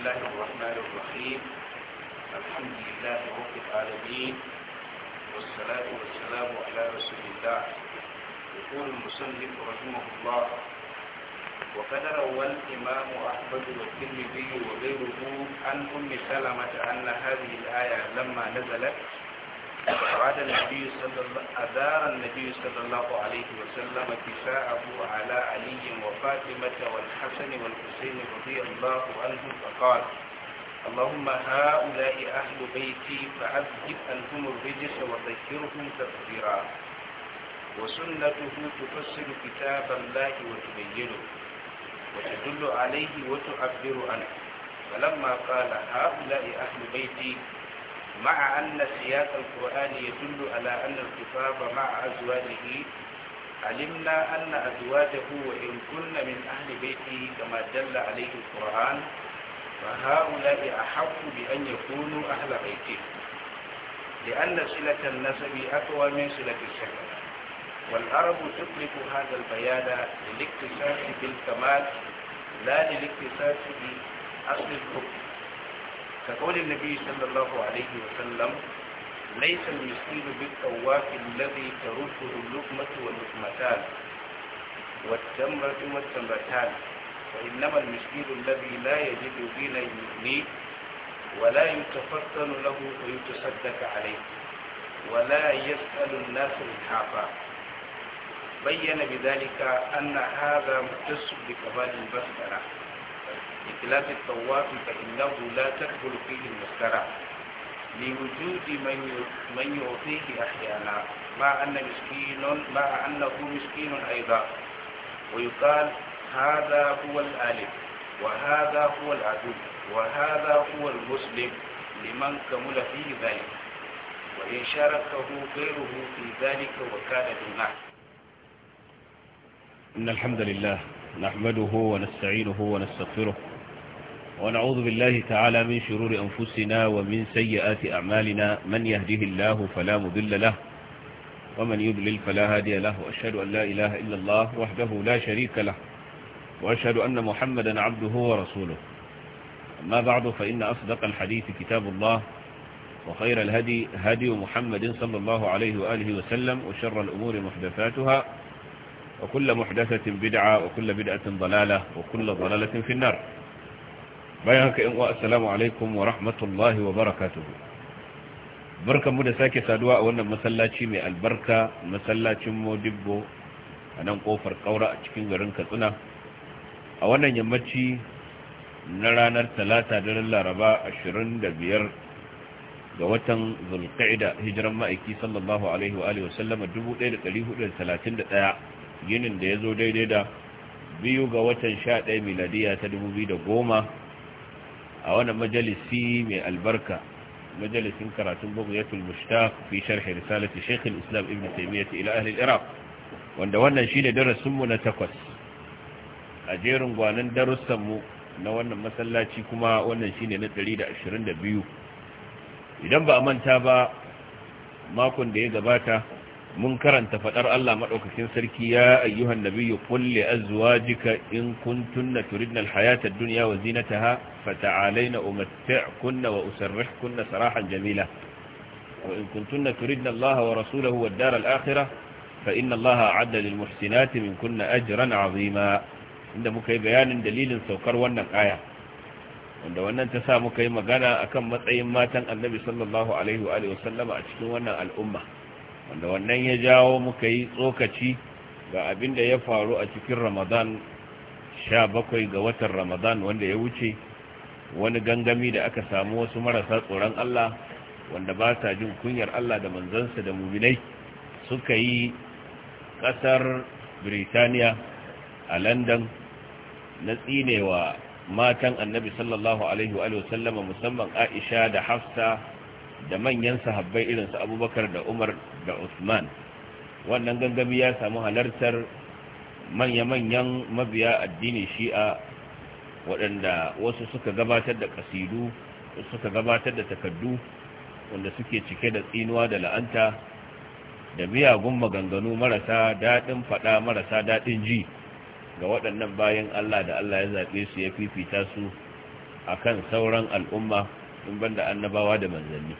الله الرحمن الرحيم الحمد لله رب العالمين والصلاة والسلام على رسول الله يقول المسلم رحمه الله وقد روى الإمام أحمد والترمذي وغيره عن أم سلمة أن هذه الآية لما نزلت أدار النبي صلى الله أدار النبي صلى الله عليه وسلم كفاءه على علي وفاطمة والحسن والحسين رضي الله عنهم فقال اللهم هؤلاء أهل بيتي فعذب أنهم الرجس وطهرهم تطهيرا وسنته تفسر كتاب الله وتبينه وتدل عليه وتعبر عنه فلما قال هؤلاء أهل بيتي مع أن سياق القرآن يدل على أن الخطاب مع أزواجه علمنا أن أزواجه وإن كن من أهل بيته كما دل عليه القرآن فهؤلاء أحق بأن يكونوا أهل بيته لأن صلة النسب أقوى من صلة الشكل والعرب تطلق هذا البيان للاكتساس بالكمال لا للاكتساس بأصل الحكم كقول النبي صلى الله عليه وسلم ليس المسكين بالطواف الذي ترده اللقمة واللقمتان والتمرة والتمرتان وإنما المسكين الذي لا يجد غنى يغنيه ولا يتفطن له ويتصدق عليه ولا يسأل الناس إلحافا بين بذلك أن هذا متصل بكمال البسطرة بخلاف الطواف فإنه لا تدخل فيه المسترع لوجود من من يعطيه أحيانا مع أن مسكين مع أنه مسكين أيضا ويقال هذا هو الآلف وهذا هو العدو وهذا هو المسلم لمن كمل فيه ذلك وإن شاركه غيره في ذلك وكان دونه إن الحمد لله نحمده ونستعينه ونستغفره ونعوذ بالله تعالى من شرور أنفسنا ومن سيئات أعمالنا من يهده الله فلا مضل له ومن يضلل فلا هادي له وأشهد أن لا إله إلا الله وحده لا شريك له وأشهد أن محمدا عبده ورسوله أما بعد فإن أصدق الحديث كتاب الله وخير الهدي هدي محمد صلى الله عليه وآله وسلم وشر الأمور محدثاتها وكل محدثة بدعة وكل بدعة ضلالة وكل ضلالة في النار bayan haka yan uwa assalamu alaikum wa rahmatullahi wa barakatuh barkanmu da sake saduwa a wannan masallaci mai albarka masallacin Modibbo a nan kofar Kaura a cikin garin Katsina a wannan yammaci na ranar talata daren Laraba 25 ga watan Zulqa'ida hijiran ma'aiki sallallahu alaihi wa alihi wasallama 1431 yinin da yazo daidai da biyu ga watan 11 miladiya ta 2010 a wannan majalisi mai albarka majalisin karatun bugiyatul mushtaq fi sharh risalati shaykh al-islam ibn taymiyyah ila ahli al-iraq wanda wannan shine darasin mu na takwas a jerin gwanan darussan mu na wannan masallaci kuma wannan shine na 122 idan ba a manta ba makon da ya gabata mun karanta fadar Allah madaukakin sarki ya ayyuhan nabiyyu qul li azwajika in kuntunna turidna alhayata ad-dunya wa zinataha fata'alayna umatti'kunna wa usarrihkunna sarahan jamila wa in kuntunna turidna Allah wa rasulahu wad dar al-akhirah fa inna Allah a'adda lil muhsinati minkunna ajran 'azima inda muka yi bayanin dalilin saukar wannan aya wanda wannan ta sa muka yi magana akan matsayin matan Annabi sallallahu alaihi wa alihi wa sallama a cikin wannan al'umma wanda wannan ya jawo muka yi tsokaci ga abin da ya faru a cikin ramadan sha bakwai ga watan ramadan wanda ya wuce wani gangami da aka samu wasu marasa tsoron allah wanda ba ta jin kunyar allah da manzansa da muminai suka yi kasar birtaniya a london na tsinewa matan annabi sallallahu alaihi wa sallama musamman aisha da hafsa da manyan sahabbai irinsu abubakar da umar da usman wannan gangami ya samu halartar manya-manyan mabiya addini shi'a waɗanda wasu suka gabatar da kasidu suka gabatar da takaddu wanda suke cike da tsinuwa da la'anta da miyagun maganganu marasa daɗin faɗa marasa daɗin ji ga waɗannan bayan Allah da Allah ya zaɓe su ya fifita su a kan sauran al'umma in banda annabawa da manzanni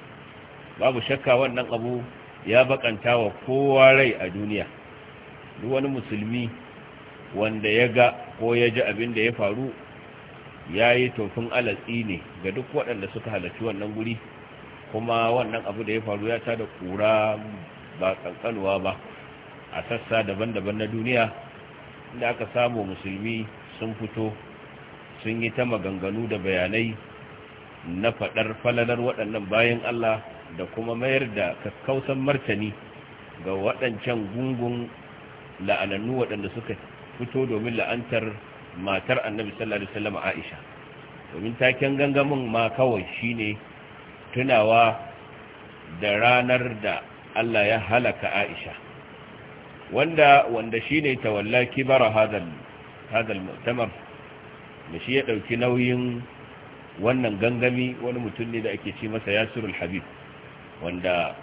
babu shakka wannan abu ya bakanta wa kowa rai a duniya duk wani musulmi wanda ya ga ko ya ji abin da ya faru ya yi tofin alatsi ne ga duk waɗanda suka halarci wannan guri kuma wannan abu da ya faru ya tada kura ba kankanuwa ba a sassa daban-daban na duniya inda aka samu musulmi sun fito sun yi ta maganganu da bayanai na faɗar falalar waɗannan bayan Allah da kuma mayar da kakkausan martani ga waɗancan gungun la'anannu waɗanda suka fito domin la'antar matar annabi sallallahu alaihi wasallam Aisha domin taken gangamin ma kawai shine tunawa da ranar da Allah ya halaka Aisha wanda wanda shine tawalla kibara hadal hadal mu'tamar da shi ya dauki nauyin wannan gangami wani mutum ne da ake ce masa Yasirul Habib wanda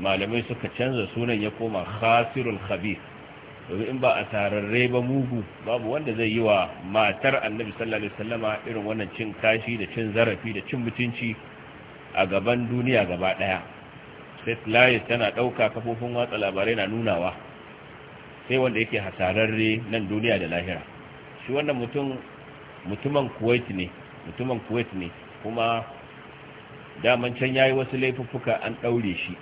malamai suka canza sunan ya koma khasirul khabith domin in ba a tararre ba mugu babu wanda zai yi wa matar annabi sallallahu alaihi wasallama irin wannan cin kashi da cin zarafi da cin mutunci a gaban duniya gaba daya sai tana dauka kafofin watsa labarai na nunawa sai wanda yake hasararre nan duniya da lahira shi wannan mutum mutumin kuwait ne mutumin kuwait ne kuma daman can yayi wasu laifuffuka an daure shi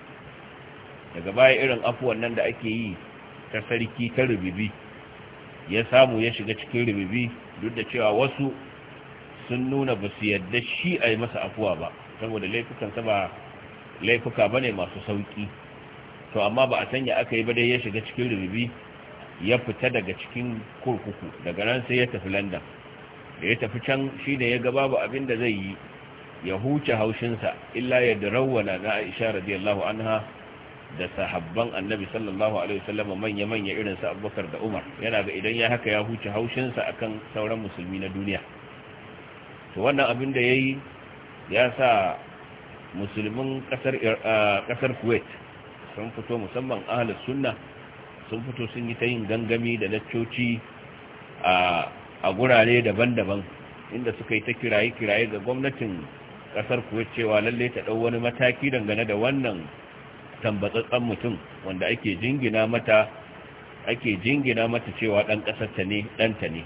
daga baya irin afuwan nan da ake yi ta sarki ta rubibi ya samu ya shiga cikin rubibi duk da cewa wasu sun nuna ba su yadda shi a yi masa afuwa ba saboda laifukansa ba laifuka ba ne masu sauki to amma ba a sanya aka yi ba dai ya shiga cikin rubibi ya fita daga cikin kurkuku daga nan sai ya tafi landan da ya tafi can shi ne ya gaba ba abin da zai yi ya huce haushinsa illa ya darawwala na aisha radiyallahu anha da sahabban annabi sallallahu alaihi wasallam manya-manya irin su abubakar da umar yana ga idan ya haka ya huce haushinsa akan sauran musulmi na duniya to wannan abin da ya yi ya sa musulmin kasar kuwait sun fito musamman ahalar sunna sun fito sun yi ta yin gangami da laccoci a gurare daban-daban inda suka yi ta kiraye-kiraye ga gwamnatin kasar kuwa cewa lalle ta ɗau wani mataki dangane da wannan tambatsatsan mutum wanda ake jingina mata ake jingina mata cewa dan kasar ta ne dan ta ne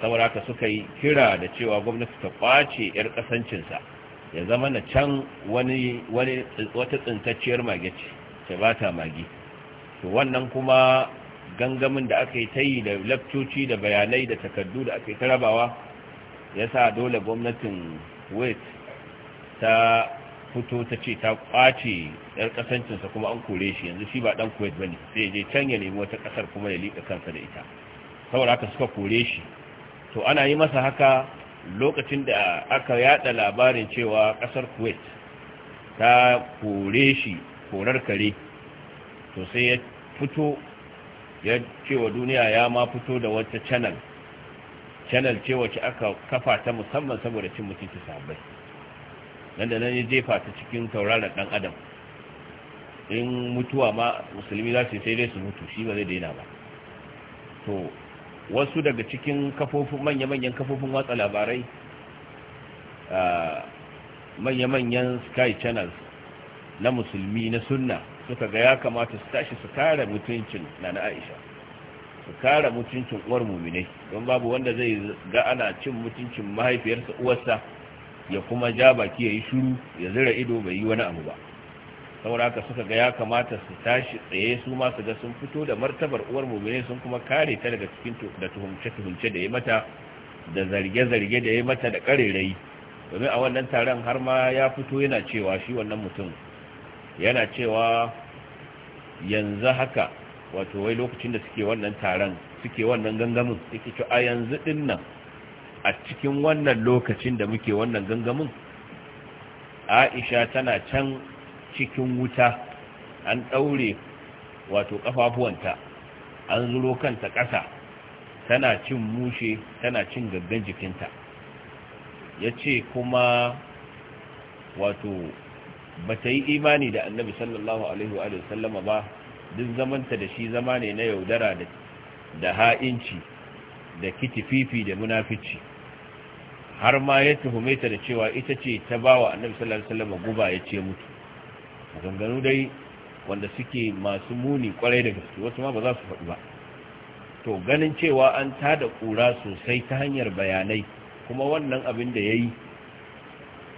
saboda haka suka yi kira da cewa gwamnati ta kwace yar kasancin ya zama na can wani wani wata tsintacciyar mage ce ta ba ta mage to wannan kuma gangamin da aka yi ta yi da laftoci da bayanai da takardu da aka yi ta rabawa ya sa dole gwamnatin wait ta fito ta ce ta kwace yar kasancinsa kuma an kore shi yanzu shi ba dan kuwait ba ne sai je can ya nemi wata kasar kuma ya liƙa kansa da ita saboda haka suka kore shi to ana yi masa haka lokacin da aka yada labarin cewa kasar kuwait ta kore shi korar kare to sai ya fito ya cewa duniya ya ma fito da wata channel channel ce wacce aka kafa ta musamman saboda cin mutunci sabai nan da nan ya jefa ta cikin tauraron ɗan adam in mutuwa ma musulmi za su sai dai su mutu shi ba zai daina ba to wasu daga cikin kafofin manya-manyan kafofin watsa labarai manya-manyan sky channel na musulmi na sunna suka ga ya kamata su tashi su kare mutuncin na na aisha su kare mutuncin uwar muminai don babu wanda zai ga ana cin mutuncin mahaifiyarsa uwarsa ya kuma ja baki ya yi shuru ya zira ido bai yi wani abu ba saboda haka suka ga ya kamata su tashi tsaye su ma su ga sun fito da martabar uwar mumine sun kuma kare ta daga cikin da tuhumce tuhumce da ya mata da zarge zarge da ya mata da karerai domin a wannan taron har ma ya fito yana cewa shi wannan mutum yana cewa yanzu haka wato wai lokacin da suke wannan taron suke wannan gangamin suke cewa a yanzu dinnan a cikin wannan lokacin da muke wannan gangamin aisha tana can cikin wuta an ɗaure wato ƙafafuwanta an zuro kanta ƙasa tana cin mushe tana cin gaggan jikinta ya ce kuma wato ba ta yi imani da annabi sallallahu alaihi wa sallama ba duk zamanta da shi zama ne na yaudara da ha'inci da kitififi da munafici har ma ya tuhume ta da cewa ita ce ta bawa annabi sallallahu alaihi wasallam guba ya ce mutu maganganu dai wanda suke masu muni kwarai da gaske wasu ma ba za su faɗi ba to ganin cewa an tada kura sosai ta hanyar bayanai kuma wannan abin da ya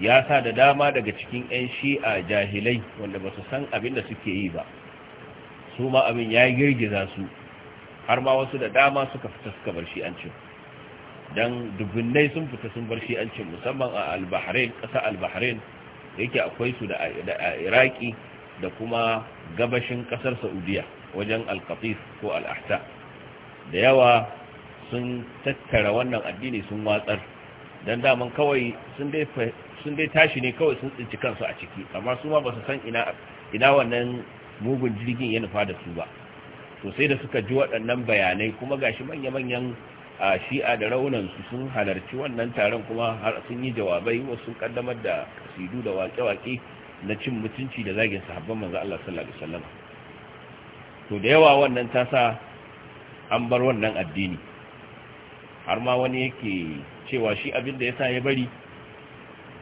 ya sa da dama daga cikin 'yan shi'a jahilai wanda ba su san abin da suke yi ba su ma abin ya girgiza su har ma wasu da dama suka fita suka bar shi an ce. dan dubunnai sun fita sun bar shi shi'ancin musamman a al-bahrain ƙasa al-bahrain yake akwai su da iraki da kuma gabashin ƙasar saudiya wajen al-qatif ko al-ahsa da yawa sun tattara wannan addini sun watsar dan daman kawai sun dai tashi ne kawai sun tsinci kansu a ciki amma su ma ba su san ina wannan mugun jirgin ya nufa da su ba sosai da suka ji waɗannan bayanai kuma gashi manya-manyan a shi'a da raunansu sun halarci wannan taron kuma har sun yi jawabai wasu sun kaddamar da kasidu da wake-wake na cin mutunci da zagin sahabban manzo Allah sallallahu alaihi wasallam to da yawa wannan ta sa an bar wannan addini har ma wani yake cewa shi abin da yasa ya bari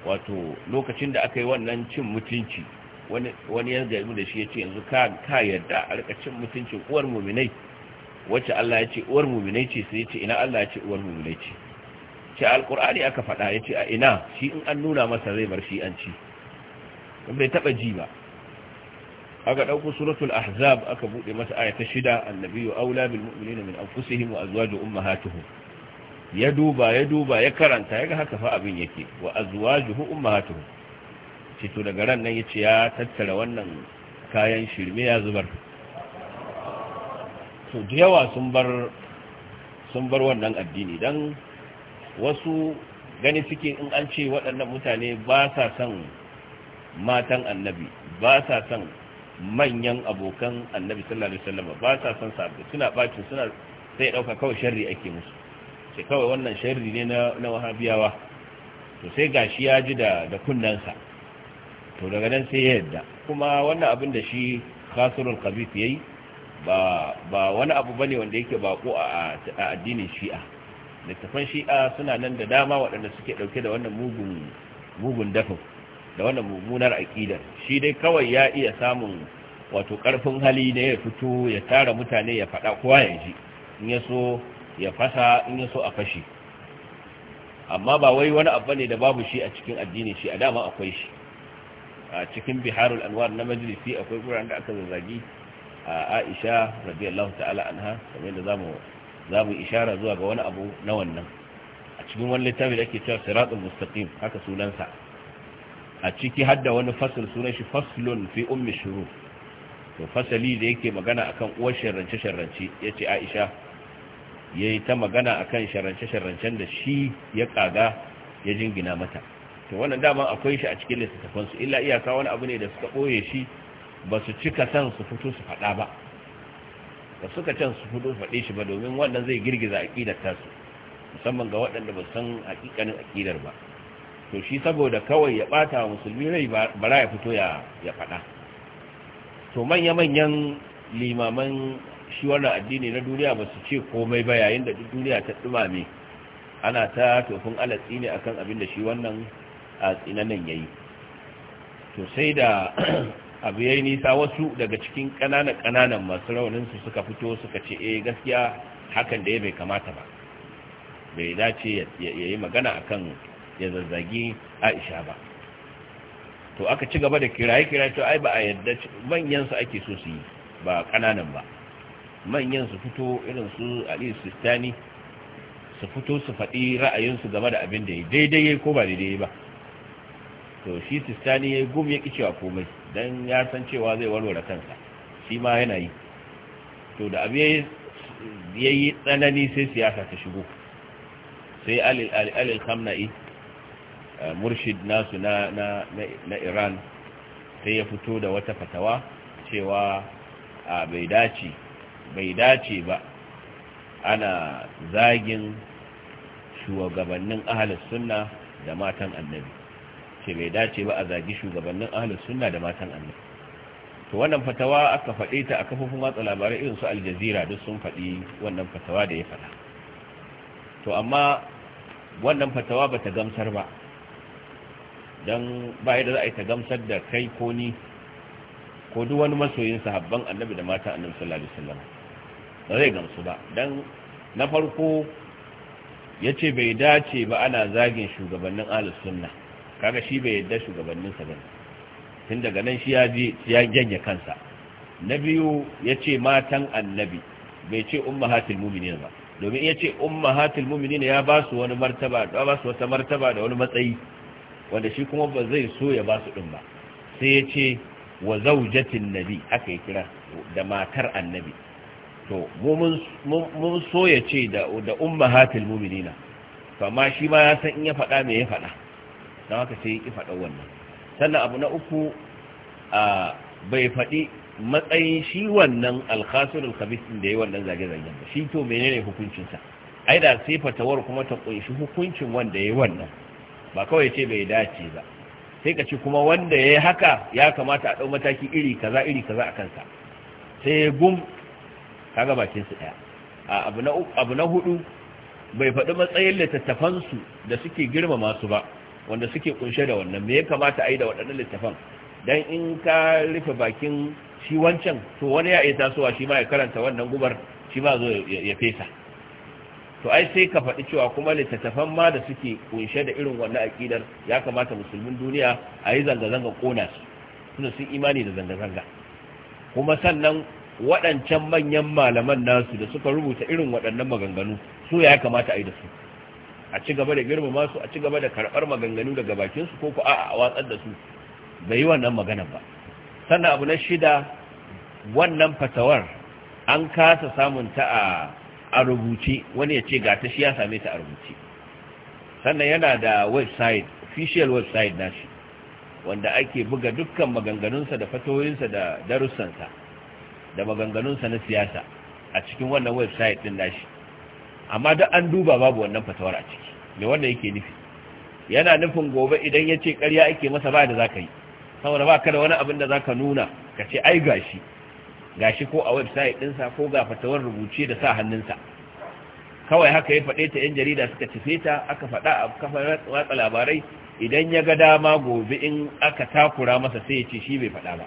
wato lokacin da aka yi wannan cin mutunci wani wani da shi yace yanzu ka ka yarda a rika cin mutuncin uwar mu'minai wacce Allah ya ce uwar muminai ce sai ce ina Allah ya ce uwar muminai ce ce alkur'ani aka faɗa ya ce a ina shi in an nuna masa zai bar shi an ci bai taɓa ji ba aka ɗauko suratul ahzab aka buɗe masa aya ta shida annabi wa aula bil mu'minina min anfusihim wa azwajuhum ummahatuhum ya duba ya duba ya karanta yaga haka fa abin yake wa azwajuhum ummahatuhum ce to daga ran nan yace ya tattara wannan kayan shirme ya zubar to da yawa sun bar wannan addini dan wasu gani suke in an ce waɗannan mutane ba sa son matan annabi ba sa son manyan abokan annabi sallallahu alaihi wasallam ba sa son sabbi suna bacin suna sai dauka kawai sharri ake musu sai kawai wannan sharri ne na na wahabiyawa to sai gashi ya ji da da sa to daga nan sai ya yadda kuma wannan abin da shi khasrul qabith yayi ba wani abu bane wanda yake bako a addinin shi'a littafan shi'a suna nan da dama waɗanda suke ɗauke da wannan mugun mugun dafin da wannan mummunar aƙidar shi dai kawai ya iya samun wato ƙarfin hali ne ya fito ya tara mutane ya faɗa kowa ya ji in ya so ya fasa in ya so a fashi amma ba wai wani abu ne da babu shi a cikin addinin shi a dama akwai shi a cikin biharul anwar na majalisi akwai guraren da aka zazzagi aisha radiyallahu ta'ala anha kamar da zamu zamu ishara zuwa ga wani abu na wannan a cikin wani littafi da ake cewa siratul mustaqim haka sunansa a ciki har da wani fasal sunan shi faslun fi ummi shuru to fasali da yake magana akan uwar sharrance sharrance yace aisha yayi ta magana akan sharrance sharrancen da shi ya kaga ya jingina mata to wannan dama akwai shi a cikin littafansu illa iyaka wani abu ne da suka boye shi ba su cika san su fito su faɗa ba ba suka can su fito faɗe shi ba domin wannan zai girgiza aƙidar tasu musamman ga waɗanda ba san haƙiƙanin aƙidar ba to shi saboda kawai ya ɓata wa musulmi rai ya fito ya faɗa to manya-manyan limaman shi wannan addini na duniya ba su ce komai ba yayin da duk duniya ta ɗumame ana ta tofin alatsi ne akan abin da shi wannan a tsinanin ya yi to sai da abu yayi nisa wasu daga cikin kananan ƙananan masu rauninsu suka fito suka ce eh gaskiya hakan da ya bai kamata ba bai dace ya yi magana a kan ya zazzagi Aisha ba to aka ci gaba da kiraye kiraye to ai ba a yadda manyan ake so su yi ba ƙananan ba manyan fito irin su Ali Sistani su fito su faɗi ra'ayinsu game da abin da ya daidai ko ba daidai ba to shi sistani ya yi gumi ya ƙi cewa komai dan ya san cewa zai warware kansa shi ma yana yi to da abu ya yi tsanani sai siyasa ta shigo sai al kamna'i eh, murshid nasu na iran sai ya fito da wata fatawa cewa a bai dace bai dace ba ana zagin shugabannin ahalus sunna da matan annabi ce bai dace ba a zagi shugabannin ahlus sunna da matan annabi to wannan fatawa aka faɗe ta a kafofin watsa labarai irin su aljazira duk sun faɗi wannan fatawa da ya faɗa to amma wannan fatawa ba ta gamsar ba don ba yadda za a yi ta gamsar da kai ko ni ko duk wani masoyin sahabban annabi da matan annabi sallallahu alaihi wasallam ba zai gamsu ba don na farko yace bai dace ba ana zagin shugabannin ahlus sunna kaga shi bai yadda shugabanninsa ba tun daga nan shi ya ji ya janye kansa na biyu ya ce matan annabi bai ce ummahatul mu'minin ba domin ya ce ummahatul mu'minin ya ba su wani martaba da ba su wata martaba da wani matsayi wanda shi kuma ba zai so ya ba su din ba sai ya ce wa zaujatin nabi aka yi kira da matar annabi to mun so ya ce da ummahatul mumini to amma shi ma ya san in ya faɗa me ya faɗa don haka sai ya ƙi faɗa wannan sannan abu na uku a bai faɗi matsayin shi wannan alkhasirul khabis din da yayi wannan zage-zagen ba shi to menene hukuncinsa ai da sai fatawar kuma ta kunshi hukuncin wanda yayi wannan ba kawai ce bai dace ba sai ka ci kuma wanda yayi haka ya kamata a ɗau mataki iri kaza iri kaza a kansa sai gum kaga bakin su daya a na abu na hudu bai faɗi matsayin littattafansu da suke girmama su ba wanda suke kunshe da wannan me ya kamata a yi da waɗannan littafan dan in ka rufe bakin shi wancan to wani ya iya tasowa shi ma ya karanta wannan gubar shi ma zo ya fesa to ai sai ka faɗi cewa kuma littattafan ma da suke kunshe da irin wannan aƙidar ya kamata musulmin duniya a yi zanga-zanga ƙona su suna sun imani da zanga-zanga kuma sannan waɗancan manyan malaman nasu da suka rubuta irin waɗannan maganganu su ya kamata a yi da su a ci gaba da girmama su a ci gaba da karɓar maganganu daga bakinsu ko ku a watsar da su bai yi wannan maganar ba sannan abu na shida wannan fatawar an kasa samun ta a rubuce wani ya ce ta shi ya same ta a rubuce sannan yana da website official website nashi wanda ake buga dukkan maganganunsa da fatoyinsa da darussansa da maganganunsa na siyasa a cikin wannan website din nashi amma duk an duba babu wannan fatawar a ciki me wanda yake nufi yana nufin gobe idan ya ce ƙarya ake masa ba da za ka yi saboda ba ka da wani abin da za ka nuna ka ce ai gashi gashi ko a website ɗinsa ko ga fatawar rubuce da sa hannunsa kawai haka ya faɗe ta 'yan jarida suka cife ta aka faɗa a kafar watsa labarai idan ya ga dama gobe in aka takura masa sai ya ce shi bai faɗa ba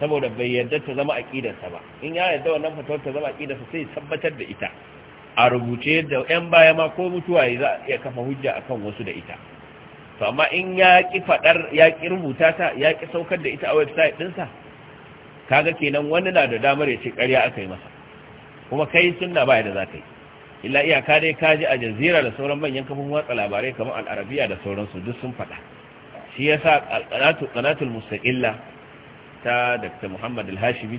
saboda bai yarda ta zama aƙidarsa ba in ya yarda wannan fatawar ta zama aƙidarsa sai tabbatar da ita a rubuce da yan baya ma ko mutuwa ya za ya kafa hujja a kan wasu da ita to amma in ya ƙi faɗar ya ƙi rubuta ta ya ƙi saukar da ita a website ɗinsa kaga kenan wani na da damar ya ce ƙarya aka yi masa kuma kai sunna baya da za ka yi illa iyaka dai ka ji a jazira da sauran manyan kafin watsa labarai kamar al'arabiya da sauransu duk sun faɗa shi ya sa ƙanatul ta dr muhammad al hashibi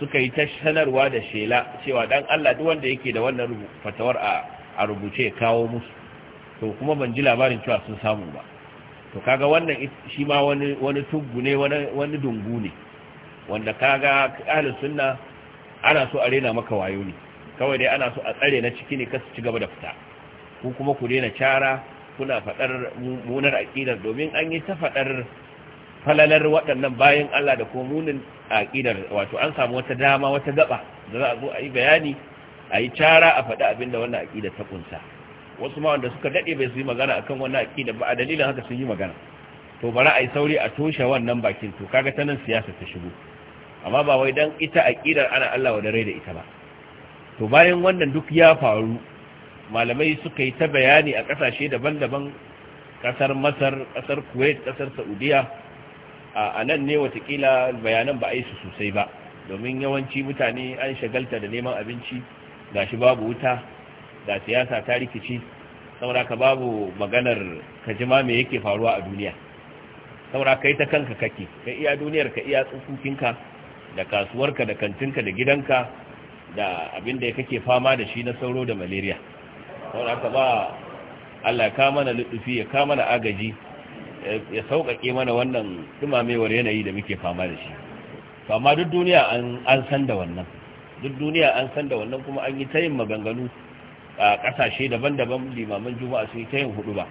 suka yi ta sanarwa da shela cewa dan Allah duk wanda yake da wannan fatawar a rubuce kawo musu to kuma ban ji labarin cewa sun samu ba to kaga wannan shi ma wani wani tuggu ne wani dungu ne wanda kaga ahlus sunna ana so a rena maka wayo ne kawai dai ana so a tsare na ciki ne kasu ci gaba da fita ku kuma ku rena cara kuna fadar munar aqidar domin an yi ta fadar falalar waɗannan bayan Allah da kuma munin aƙidar wato an samu wata dama wata gaba da za a zo a yi bayani a yi cara a faɗi abin da wannan aƙidar ta kunsa wasu ma wanda suka daɗe bai su yi magana a kan wannan aƙidar ba a dalilin haka sun yi magana to bari a yi sauri a toshe wannan bakin to kaga ta nan siyasa ta shigo amma ba wai dan ita aƙidar ana Allah wa da da ita ba to bayan wannan duk ya faru malamai suka yi ta bayani a ƙasashe daban-daban ƙasar masar ƙasar kuwait ƙasar saudiya a nan ne watakila bayanan ba a yi su sosai ba domin yawanci mutane an shagalta da neman abinci ga shi babu wuta ga siyasa ta rikici saboda ka babu maganar ka jima me yake faruwa a duniya saboda kai ta kanka kake ka iya duniyar ka iya tsufufinka da kasuwarka da kantinka da gidanka da abin da kake fama da shi na sauro da malaria saboda ka ba Allah ka mana lutufi ya ka mana agaji ya sauƙaƙe mana wannan dumamewar yanayi da muke fama da shi amma duk duniya an san da wannan duk duniya an san da wannan kuma an yi ta yin maganganu a ƙasashe daban-daban limaman juma'a sun yi ta yin hudu ba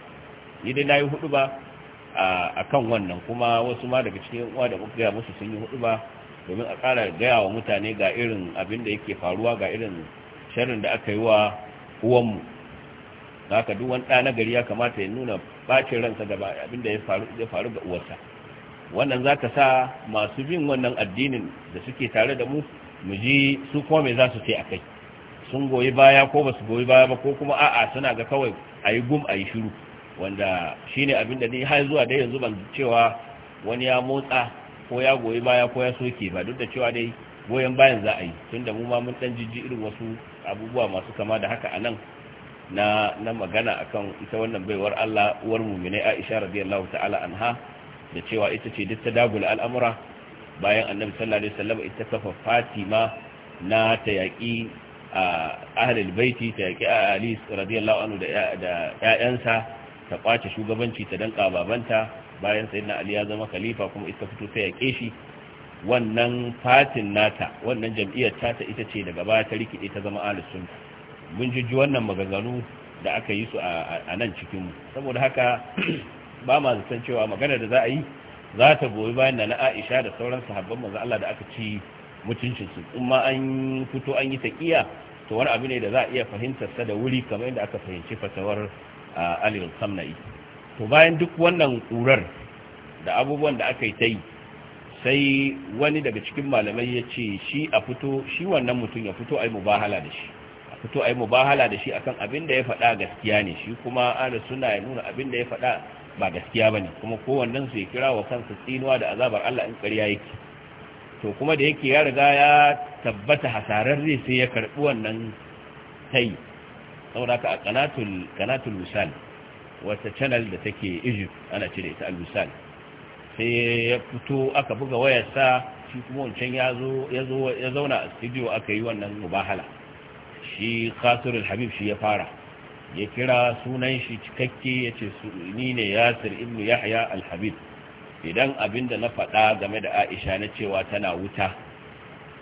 ni dai na yi hudu ba a kan wannan kuma wasu ma daga cikin uwa da muka gaya musu sun yi hudu ba domin a ƙara gaya wa mutane ga irin abin da yake faruwa ga irin sharrin da aka yi wa uwanmu haka duk wani ɗa na gari ya kamata ya nuna bacin ransa da abinda ya faru ga uwarsa wannan za ka sa masu bin wannan addinin da suke tare da mu mu ji su kuma mai za su ce a kai sun goyi baya ko ba su goyi baya ba ko kuma a'a suna ga kawai a yi gum a yi shiru wanda shi ne abin da ni har zuwa dai yanzu ban cewa wani ya motsa ko ya goyi baya ko ya soke ba duk da cewa dai goyon bayan za a yi tun da mu ma mun dan jijji irin wasu abubuwa masu kama da haka a nan na na magana akan ita wannan baiwar Allah uwar mu'mini Aisha radiyallahu ta'ala anha da cewa ita ce duk tadabul al'amura bayan annabi sallallahu alaihi wasallam ita kafa Fatima na ta yaki ahlul baiti ta yaki Ali radiyallahu anhu da da ƴaƴansa ta kwace shugabanci ta danka babanta bayan sayyidina Ali ya zama khalifa kuma ita fito ta yake shi wannan fatin nata wannan jam'iyyar ta ita ce daga baya ta rikide ta zama ahlus sunna mun jujju wannan maganganu da aka yi su a nan cikinmu saboda haka ba ma zaton cewa magana da za a yi za ta goyi bayan da na aisha da sauran sahabban manzo Allah da aka ci mutuncinsu in ma an fito an yi taqiya to wani abu ne da za a iya fahimtar sa da wuri kamar yadda aka fahimci fatawar Ali Samna'i to bayan duk wannan kurar da abubuwan da aka yi ta yi sai wani daga cikin malamai ya ce shi a fito shi wannan mutum ya fito a yi mubahala da shi fito a yi mubahala da shi akan abin da ya faɗa gaskiya ne shi kuma ana suna ya nuna abin da ya faɗa ba gaskiya ba ne kuma kowannen su ya kira wa kansa tsinuwa da azabar Allah in ƙarya yake to kuma da yake ya riga ya tabbata hasarar zai sai ya karbi wannan tai saboda ka a kanatul kanatul misal wata channel da take Egypt ana cire ta al-misal sai ya fito aka buga wayarsa shi kuma wancan ya ya zauna a studio aka yi wannan mubahala shi khasirul habib shi ya fara ya kira sunan shi cikakke ya ce ni ne yasir Ibn yahya al-habib idan abinda na faɗa game da aisha na cewa tana wuta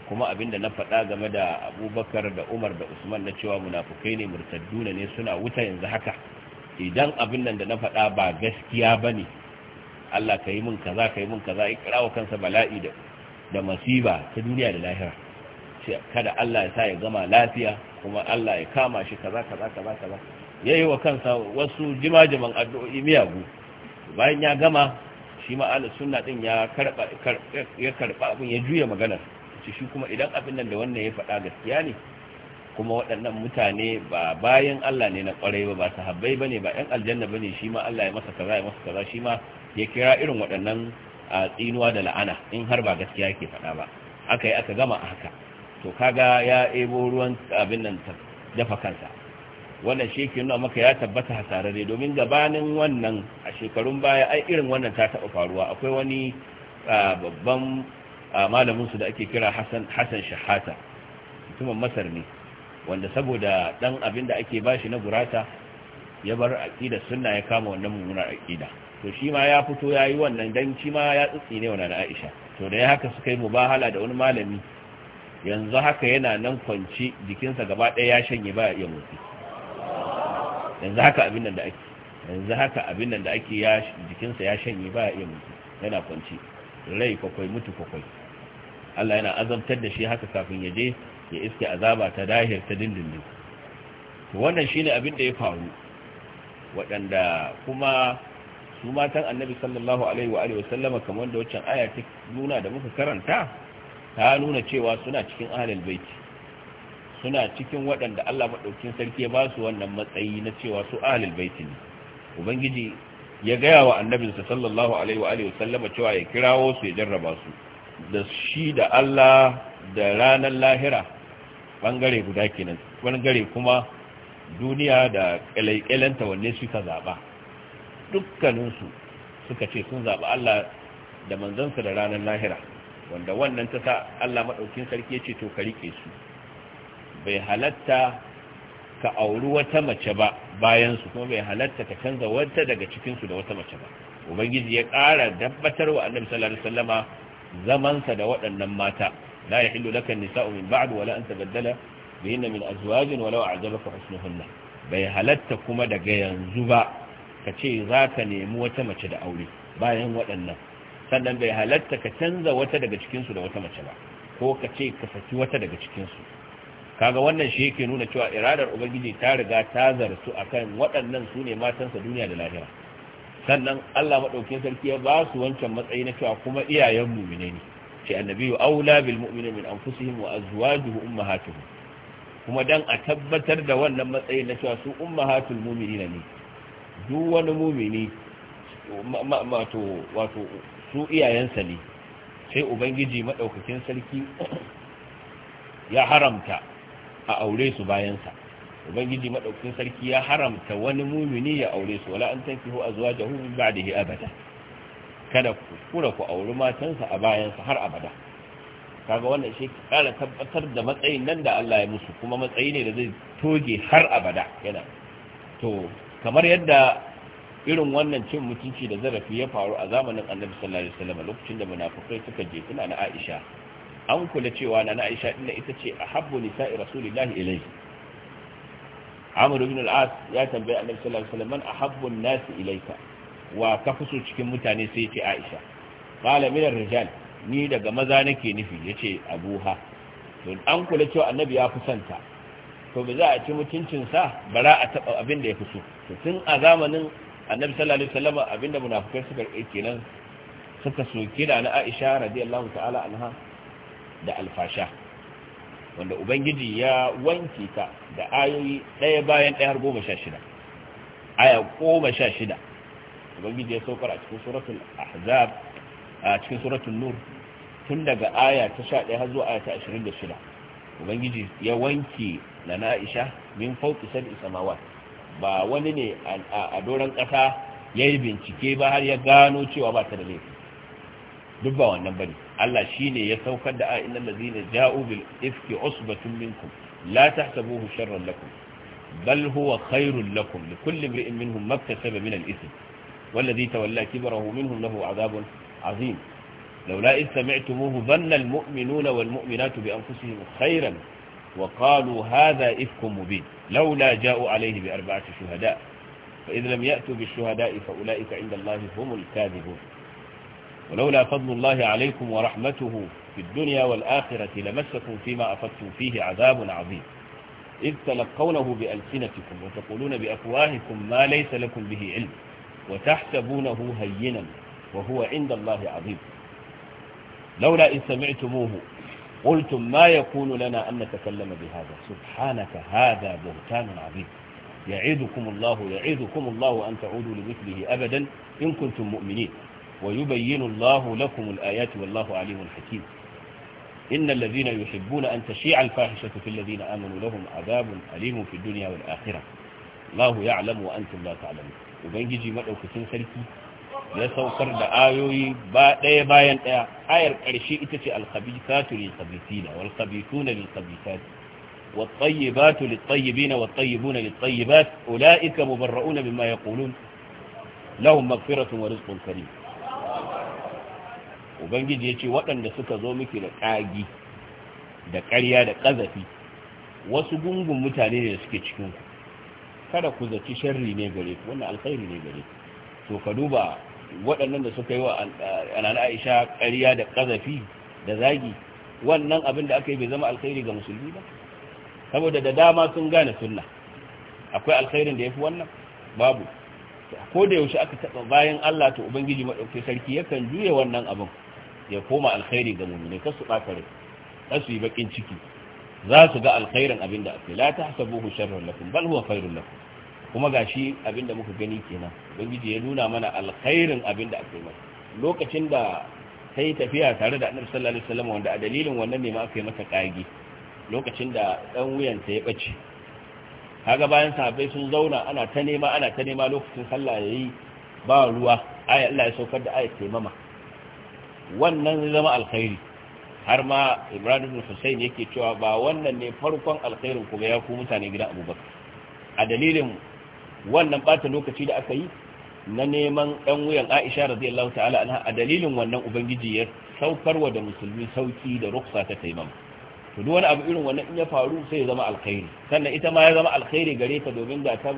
kuma abinda na faɗa game da abubakar da umar da usman na cewa munafukai ne murtadduna ne suna wuta yanzu haka idan abin nan da na faɗa ba gaskiya ba ne allah ka yi min kaza ka yi min kaza ya kira wa kansa bala'i da masiba ta duniya da lahira kada allah ya sa ya gama lafiya kuma Allah ya kama shi kaza kaza kaza kaza yayi wa kansa wasu jimajiman addu'o'i miyagu bayan ya gama shi ma ahlus sunna din ya karba ya karba abin ya juya magana. shi shi kuma idan abin nan da wannan ya faɗa gaskiya ne kuma waɗannan mutane ba bayan Allah ne na kwarai ba ba sahabbai bane ba ɗan aljanna bane shi ma Allah ya masa kaza ya masa kaza shi ma ya kira irin waɗannan a tsinuwa da la'ana in har ba gaskiya yake faɗa ba aka yi aka gama a haka to kaga ya ebo ruwan abin nan dafa kansa wannan shi ke nuna maka ya tabbata hasararre domin gabanin wannan a shekarun baya ai irin wannan ta taɓa faruwa akwai wani babban malaminsu da ake kira hassan shahata mutumin masar ne wanda saboda ɗan abin da ake bashi na gurata ya bar aƙida sunna ya kama wannan mummunar aƙida to shi ma ya fito ya yi wannan dan shi ma ya tsitsi ne wannan aisha to da ya haka suka yi mubahala da wani malami yanzu haka yana nan kwanci jikinsa gaba ɗaya ya shanye ba ya mutu. yanzu haka abin nan da ake yanzu haka abin nan da ake ya jikinsa ya shanye ba ya mutu, yana kwanci rai kwakwai mutu kwakwai Allah yana azabtar da shi haka kafin ya je ya iske azaba ta dahir ta dindindin to wannan shine abin da ya faru waɗanda kuma su matan annabi sallallahu alaihi wa alihi sallama kamar da waccan aya ta nuna da muka karanta ta nuna cewa suna cikin ahalil baiti suna cikin waɗanda Allah maɗaukin sarki ya ba su wannan matsayi na cewa su ahalil baiti ne ubangiji ya gaya wa annabinsa sallallahu alaihi wa alihi wasallama cewa ya kirawo su ya jarraba su da shi da Allah da ranar lahira bangare guda kenan ɓangare kuma duniya da kalaikalanta wanne suka zaba dukkaninsu suka ce sun zaba Allah da manzansa da ranar lahira wanda wannan ta sa Allah maɗaukin sarki ya ce to ka riƙe su bai halatta ka auri wata mace ba bayansu. kuma bai halatta ka canza wata daga cikinsu da wata mace ba ubangiji ya ƙara dabbatar wa annabi sallallahu alaihi wasallama zamansa da waɗannan mata la yahillu laka nisa'u min ba'd wala an tabaddala bihinna min azwajin wala a'jabaka husnuhunna bai halatta kuma daga yanzu ba ka ce za ka nemi wata mace da aure bayan waɗannan sannan bai halatta ka canza wata daga cikinsu da wata mace ba ko ka ce ka saki wata daga cikinsu kaga wannan shi yake nuna cewa iradar ubangiji ta riga ta zartu akan waɗannan su ne matansa duniya da lahira sannan Allah madaukakin sarki ya ba su wancan matsayi na cewa kuma iyayen mu'mine ne ce annabi aula bil mu'mini min anfusihim wa azwajuhu ummahatuhum kuma dan a tabbatar da wannan matsayi na cewa su ummahatul mu'minina ne duk wani mu'mini wato wato su iyayensa ne sai ubangiji maɗaukakin sarki ya haramta a aure su bayansa ubangiji maɗaukakin sarki ya haramta wani mumini ya aure su wala an tankihu azwajahu min ba'dihi abada kada ku kura ku auri matansa a bayansa har abada kaga wannan shi kara tabbatar da matsayin nan da Allah ya musu kuma matsayi ne da zai toge har abada yana to kamar yadda irin wannan cin mutunci da zarafi ya faru a zamanin annabi sallallahu alaihi wasallam lokacin da munafikai suka je suna na Aisha an kula cewa na Aisha din ita ce ahabbu nisa'i rasulillahi ilayhi Amr ibn al-As ya tambaye annabi sallallahu alaihi wasallam man ahabbu an-nasi ilayka wa kafusu cikin mutane sai ce Aisha qala min ar-rijal ni daga maza nake nufi yace abuha to an kula cewa annabi ya kusanta to ba za a ci mutuncinsa bara a taɓa abin da ya fi so tun a zamanin annabi sallallahu alaihi wasallam abinda munafikai suka yi kenan suka soke da na Aisha radiyallahu ta'ala anha da alfasha wanda ubangiji ya wanke ta da ayoyi daya bayan daya har 16 aya 16 ubangiji ya saukar a cikin suratul ahzab a cikin suratul nur tun daga aya ta 11 har zuwa aya ta 26 ubangiji ya wanke lana Aisha min fawqi sab'i samawati ba wani ne a doron ƙasa ya yi bincike ba har ya gano cewa ba ta da laifi duk ba wannan bane Allah shine ya saukar da ayin allazina ja'u bil ifki usbatun minkum la tahsabuhu sharran lakum bal huwa khairul lakum likulli imrin minhum maktasaba min al ithm والذي تولى كبره منهم له عذاب عظيم لولا إذ سمعتموه ظن المؤمنون والمؤمنات بأنفسهم خيرا وقالوا هذا إفك مبين لولا جاءوا عليه بأربعة شهداء فإذ لم يأتوا بالشهداء فأولئك عند الله هم الكاذبون ولولا فضل الله عليكم ورحمته في الدنيا والآخرة لمسكم فيما أفضتم فيه عذاب عظيم إذ تلقونه بألسنتكم وتقولون بأفواهكم ما ليس لكم به علم وتحسبونه هينا وهو عند الله عظيم لولا إن سمعتموه قلتم ما يكون لنا أن نتكلم بهذا سبحانك هذا بهتان عظيم يعيدكم الله يعيدكم الله أن تعودوا لمثله أبدا إن كنتم مؤمنين ويبين الله لكم الآيات والله عليم حكيم إن الذين يحبون أن تشيع الفاحشة في الذين آمنوا لهم عذاب أليم في الدنيا والآخرة الله يعلم وأنتم لا تعلمون وبنجي مدعوكتين سلكي ya saukar da ayoyi ba ɗaya bayan ɗaya ayar ƙarshe ita ce alkhabisatu lil khabisina wal khabisuna lil khabisati wat tayyibatu lit tayyibina wat tayyibuna lit tayyibat ulaika mubarra'una mimma yaqulun lahum maghfiratun wa rizqun karim ubangiji yace waɗanda suka zo miki da ƙagi da ƙarya da ƙazafi wasu gungun mutane ne suke cikin kada ku zaci sharri ne gare ku wannan alkhairi ne gare ku to ka duba waɗannan da suka yi wa anan aisha ƙarya da ƙazafi da zagi wannan abin da aka yi bai zama alkhairi ga musulmi ba saboda da dama sun gane sunna akwai alkhairin da ya fi wannan babu ko da yaushe aka taɓa bayan Allah ta ubangiji maɗauki sarki yakan juya wannan abin ya koma alkhairi ga mummune kar su ɓata rai kar su yi baƙin ciki za su ga alkhairin abin da aka yi la tahsabuhu sharran lakum bal huwa khairun lakum kuma gashi abinda muka gani kenan ubangiji ya nuna mana alkhairin abinda aka yi masa lokacin da ta tafiya tare da annabi sallallahu alaihi wasallam wanda a dalilin wannan ne ma aka yi mata kage lokacin da dan ta ya bace kaga bayan sahabbai sun zauna ana ta nema ana ta nema lokacin sallah yayi ba ruwa ayi Allah ya saukar da ayat taimama wannan zama alkhairi har ma Ibrahim bin Hussein yake cewa ba wannan ne farkon alkhairin ku ga ya ku mutane gidan Abubakar a dalilin wannan bata lokaci da aka yi na neman ɗan wuyan Aisha radiyallahu ta'ala anha a dalilin wannan ubangiji ya saukarwa da musulmi sauki da ruksa ta taimam to duk wani abu irin wannan in ya faru sai ya zama alkhairi sannan ita ma ya zama alkhairi gare ta domin da ta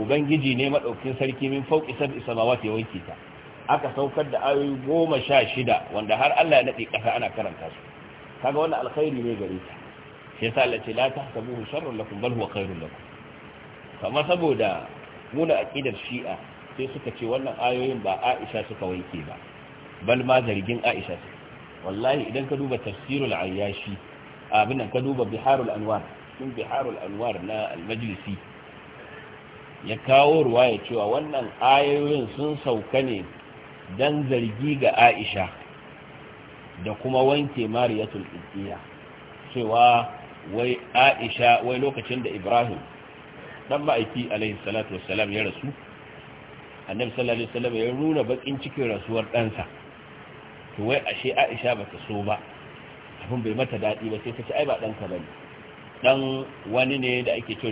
ubangiji ne madaukin sarki min fauki sab'i samawati ya wanke ta aka saukar da ayoyi goma sha shida wanda har Allah ya nade kasa ana karanta su kaga wannan alkhairi ne gare ta shi yasa Allah ce la tahsabuhu sharran lakum bal huwa khairun lakum kama saboda muna aƙidar shi'a sai suka ce wannan ayoyin ba aisha suka wanke ba bal ma zargin aisha su wallahi idan ka duba tafsirul ayyashi abin ka duba biharul anwar cikin biharul anwar na almajlisi ya kawo ruwaya cewa wannan ayoyin sun sauka ne dan zargi ga aisha da kuma wanke mariyatul qibtiyya cewa wai aisha wai lokacin da ibrahim dan ma'aiki alaihi salatu wassalam ya rasu annabi sallallahu alaihi wasallam ya nuna bakin cikin rasuwar ɗansa to wai ashe Aisha bata so ba abin bai mata daɗi ba sai ta ce ai ba danka bane dan wani ne da ake cewa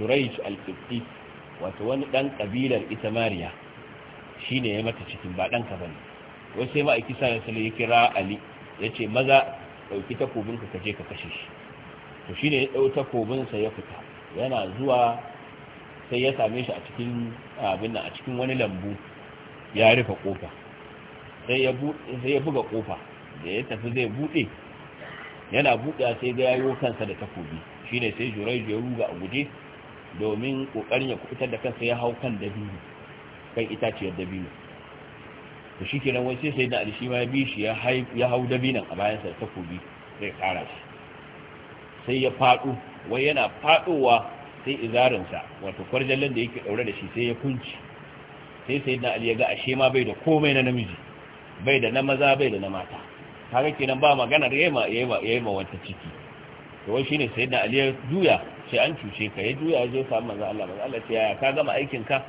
Jurayj al-Qibti wato wani dan kabilar ita Mariya shine ya mata cikin ba ɗanka bane wai sai ma'aiki sallallahu alaihi ya kira Ali yace maza dauki takobinka ka kaje ka kashe shi to shine ya dau takobinsa ya fita yana zuwa sai ya same shi a cikin abin a cikin wani lambu ya rufe kofa sai ya buga kofa da ya tafi zai bude yana buɗe sai ga yayo kansa da takobi shine sai jurai ya ruga a guje domin kokarin ya kubutar da kansa ya hau kan dabino kan itaciyar dabino to shikenan wai sai da ali ma ya bi shi ya hau dabinan a bayansa da takobi zai kara shi sai ya faɗo wai yana fadowa sai izarinsa wato kwarjallin da yake daure da shi sai ya kunci sai sayyidina ali ya ga ashe ma bai da komai na namiji bai da na maza bai da na mata kaga kenan ba magana yema yema yema wata ciki to wai shine sayyidina ali ya juya sai an cuce ka ya juya je samu manzo Allah manzo Allah ya ka gama aikin ka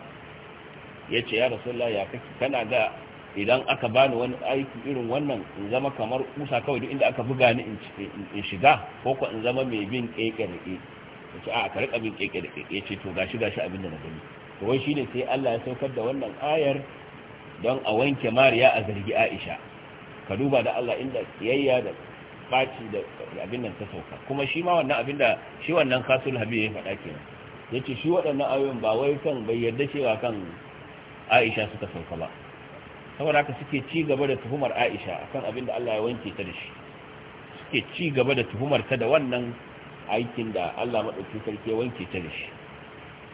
yace ya rasulullahi ya kake kana ga idan aka bani wani aiki irin wannan in zama kamar kusa kawai duk inda aka buga ni in shiga ko ko in zama mai bin keke da keke ce a karka rika bin keke da keke ce to gashi gashi abin da na gani to wai shine sai Allah ya saukar da wannan ayar don a wanke Mariya a zargi Aisha ka duba da Allah inda kiyayya da baci da abin nan ta sauka kuma shi ma wannan abin da shi wannan kasul habi ya faɗa kenan yace shi waɗannan ayoyin ba wai kan bai yarda cewa kan Aisha suka sauka ba saboda haka suke ci gaba da tuhumar Aisha akan abin da Allah ya wanke ta da shi suke ci gaba da tuhumar ta da wannan aikin da Allah madaukakin sarki ya wanke ta da shi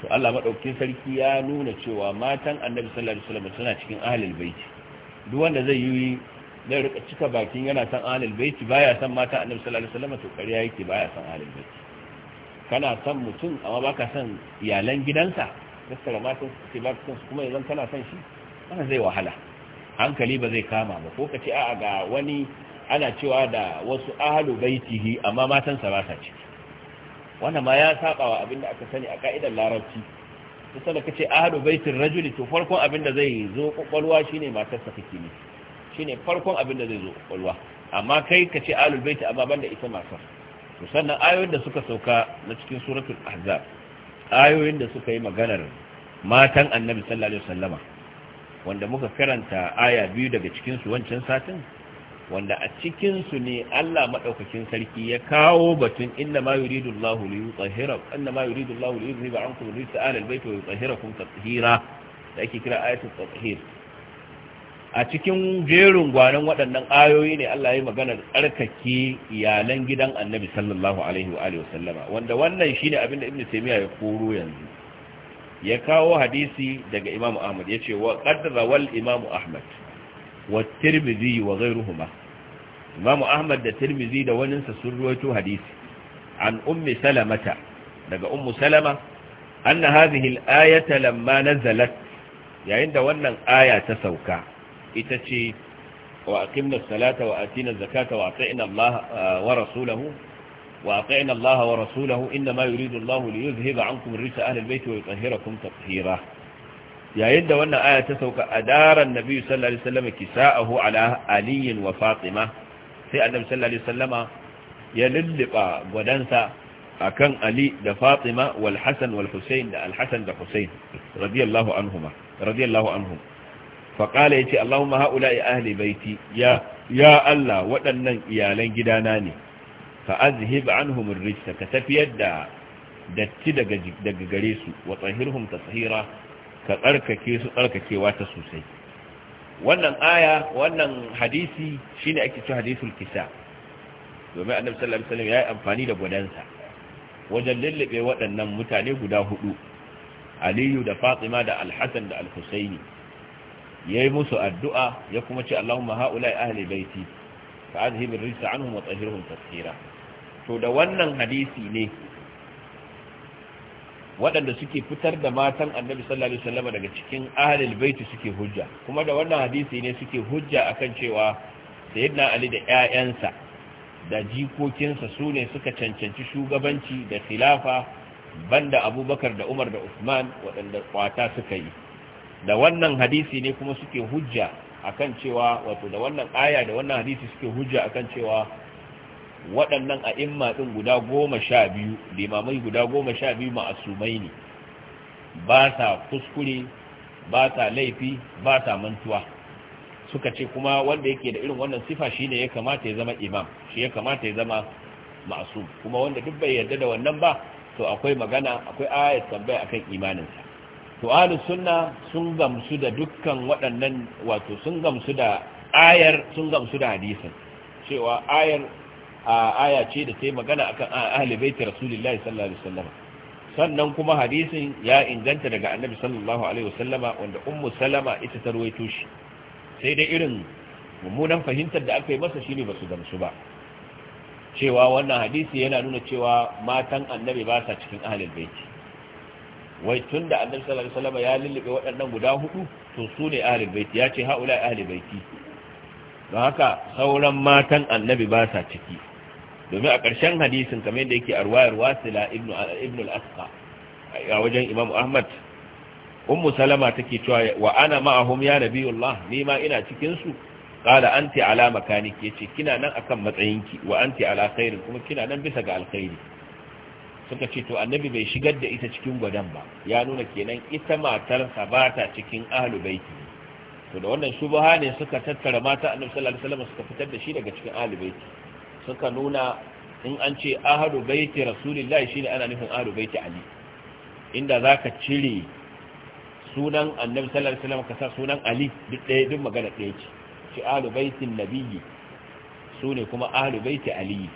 to Allah madaukakin sarki ya nuna cewa matan Annabi sallallahu alaihi wasallam suna cikin ahlul bait duk wanda zai yi dan rika cika bakin yana san ahlul bait baya san matan Annabi sallallahu alaihi wasallam to ƙarya yake baya san ahlul bait kana san mutum amma baka san iyalan gidansa gaskara matan su ce baka san su kuma yanzu kana san shi wannan zai wahala hankali ba zai kama ba ko ka ce a ga wani ana cewa da wasu ahalu baitihi amma matansa ba ta ci wannan ma ya saba wa abin da aka sani a ka'idar larabci ta sanar ka ce ahalu baitin rajuli to farkon abin da zai zo kwakwalwa shine matarsa take ne shine farkon abin da zai zo kwakwalwa amma kai ka ce ahalu baiti amma banda ita matar to sannan ayoyin da suka sauka na cikin suratul ahzab ayoyin da suka yi maganar matan annabi sallallahu alaihi wasallama wanda muka karanta aya biyu daga cikinsu wancan satin wanda a cikinsu ne Allah maɗaukakin sarki ya kawo batun inna ma yuridu Allah li yutahhira inna ma yuridu Allah li yuzhiba ankum rijsa ahli albayt wa yutahhirakum tatheera da ake kira ayatul tatheer a cikin jerin gwanan waɗannan ayoyi ne Allah ya magana tsarkake iyalan gidan Annabi sallallahu alaihi wa alihi wa sallama wanda wannan shine abin da Ibn Taymiyyah ya koro yanzu ya kawo hadisi daga Imam Ahmad ce wa qad wal Imam Ahmad wa Tirmidhi wa ghayruhuma Imam Ahmad da tirmizi da wani sun ruwaito hadisi an ummi salamata daga ummu salama anna hadhihi al-ayata lamma nazalat yayin da wannan aya ta sauka ita ce wa aqimna salata wa atina zakata wa atina Allah wa rasulahu وأطعنا الله ورسوله إنما يريد الله ليذهب عنكم الرجس أهل البيت ويطهركم تطهيرا يا يد وأن آية تسوك أدار النبي صلى الله عليه وسلم كساءه على علي وفاطمة في النبي صلى الله عليه وسلم يللق ودنسى أكن علي وفاطمة والحسن والحسين الحسن والحسين رضي الله عنهما رضي الله عنهم فقال يتي اللهم هؤلاء أهل بيتي يا يا الله ودنن إيالين جداناني fa azhib anhum ar-rijsa ka tafiyar da datti daga daga gare su wa tahirhum tathira ka tsarkake su tsarkakewa ta sosai wannan aya wannan hadisi shine ake cewa hadisul kisa domin annabi sallallahu alaihi wasallam ya yi amfani da gudansa. wajen lullube waɗannan mutane guda hudu aliyu da fatima da alhassan da alhusaini ya yi musu addu'a ya kuma ce allahumma ha'ula ahli baiti fa azhibir rijsa anhum wa to da wannan hadisi ne waɗanda suke fitar da matan annabi sallallahu alaihi wasallam daga cikin ahlul baiti suke hujja kuma da wannan hadisi ne suke hujja akan cewa sayyidina ali da ƴaƴansa da jikokinsa su ne suka cancanci shugabanci da khilafa banda abubakar da umar da usman waɗanda kwata suka yi da wannan hadisi ne kuma suke hujja akan cewa wato da wannan aya da wannan hadisi suke hujja akan cewa waɗannan a in ɗin guda goma sha biyu limamai guda goma sha biyu ma'asumai ne ba sa kuskure ba sa laifi ba sa mantuwa suka ce kuma wanda yake da irin wannan sifa shi ne ya kamata ya zama imam shi ya kamata ya zama ma'asum kuma wanda duk bai yarda da wannan ba to akwai magana akwai ayat tambaya akan imaninsa to ahlus sunna sun gamsu da dukkan waɗannan wato sun gamsu da ayar sun gamsu da hadisin cewa ayar aya ce da ta yi magana akan ahli baiti rasulullahi sallallahu alaihi wasallam sannan kuma hadisin ya inganta daga annabi sallallahu alaihi wasallama wanda ummu salama ita ta ruwaito shi sai dai irin mummunan fahimtar da aka yi masa shine basu gamsu ba cewa wannan hadisi yana nuna cewa matan annabi ba sa cikin ahlul baiti wai tunda annabi sallallahu alaihi wasallama ya lullube waɗannan guda hudu to su ne ahlul baiti ya ce haula ahlul baiti don haka sauran matan annabi ba sa ciki domin a ƙarshen hadisin kamar yadda yake arwayar wasila ibn al-asqa a wajen imam ahmad ummu salama take cewa wa ana ma'ahum ya nabiyullah ni ma ina cikinsu? su qala anti ala makaniki yace kina nan akan matsayinki wa anti ala khairin kuma kina nan bisa ga alkhairi suka ce to annabi bai shigar da ita cikin gwadan ba ya nuna kenan ita matar sabata cikin ahlu baiti to da wannan shubha ne suka tattara mata annabi sallallahu alaihi wasallam suka fitar da shi daga cikin ahlu baiti suka nuna in an ce ahadu baiti rasulillahi shine ana nufin ahadu baiti ali inda zaka cire sunan annabi sallallahu alaihi wasallam ka sa sunan ali duk ɗaya duk magana ɗaya ce shi ahadu baitin nabiyyi sune kuma ahadu baiti ali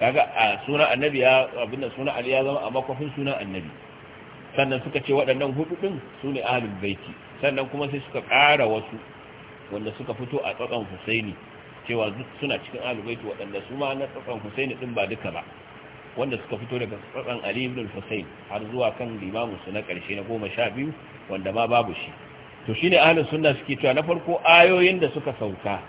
kaga a sunan annabi ya abinda sunan ali ya zama a makofin sunan annabi sannan suka ce waɗannan hudu din sune ahadu baiti sannan kuma sai suka ƙara wasu wanda suka fito a tsakan Husaini cewa suna cikin alubaitu waɗanda su ma na tsatsan husaini ɗin ba duka ba wanda suka fito daga tsatsan ali ibn husain har zuwa kan limaminsu na ƙarshe na goma sha biyu wanda ma babu shi to shi ne ahlus suna suke cewa na farko ayoyin da suka sauka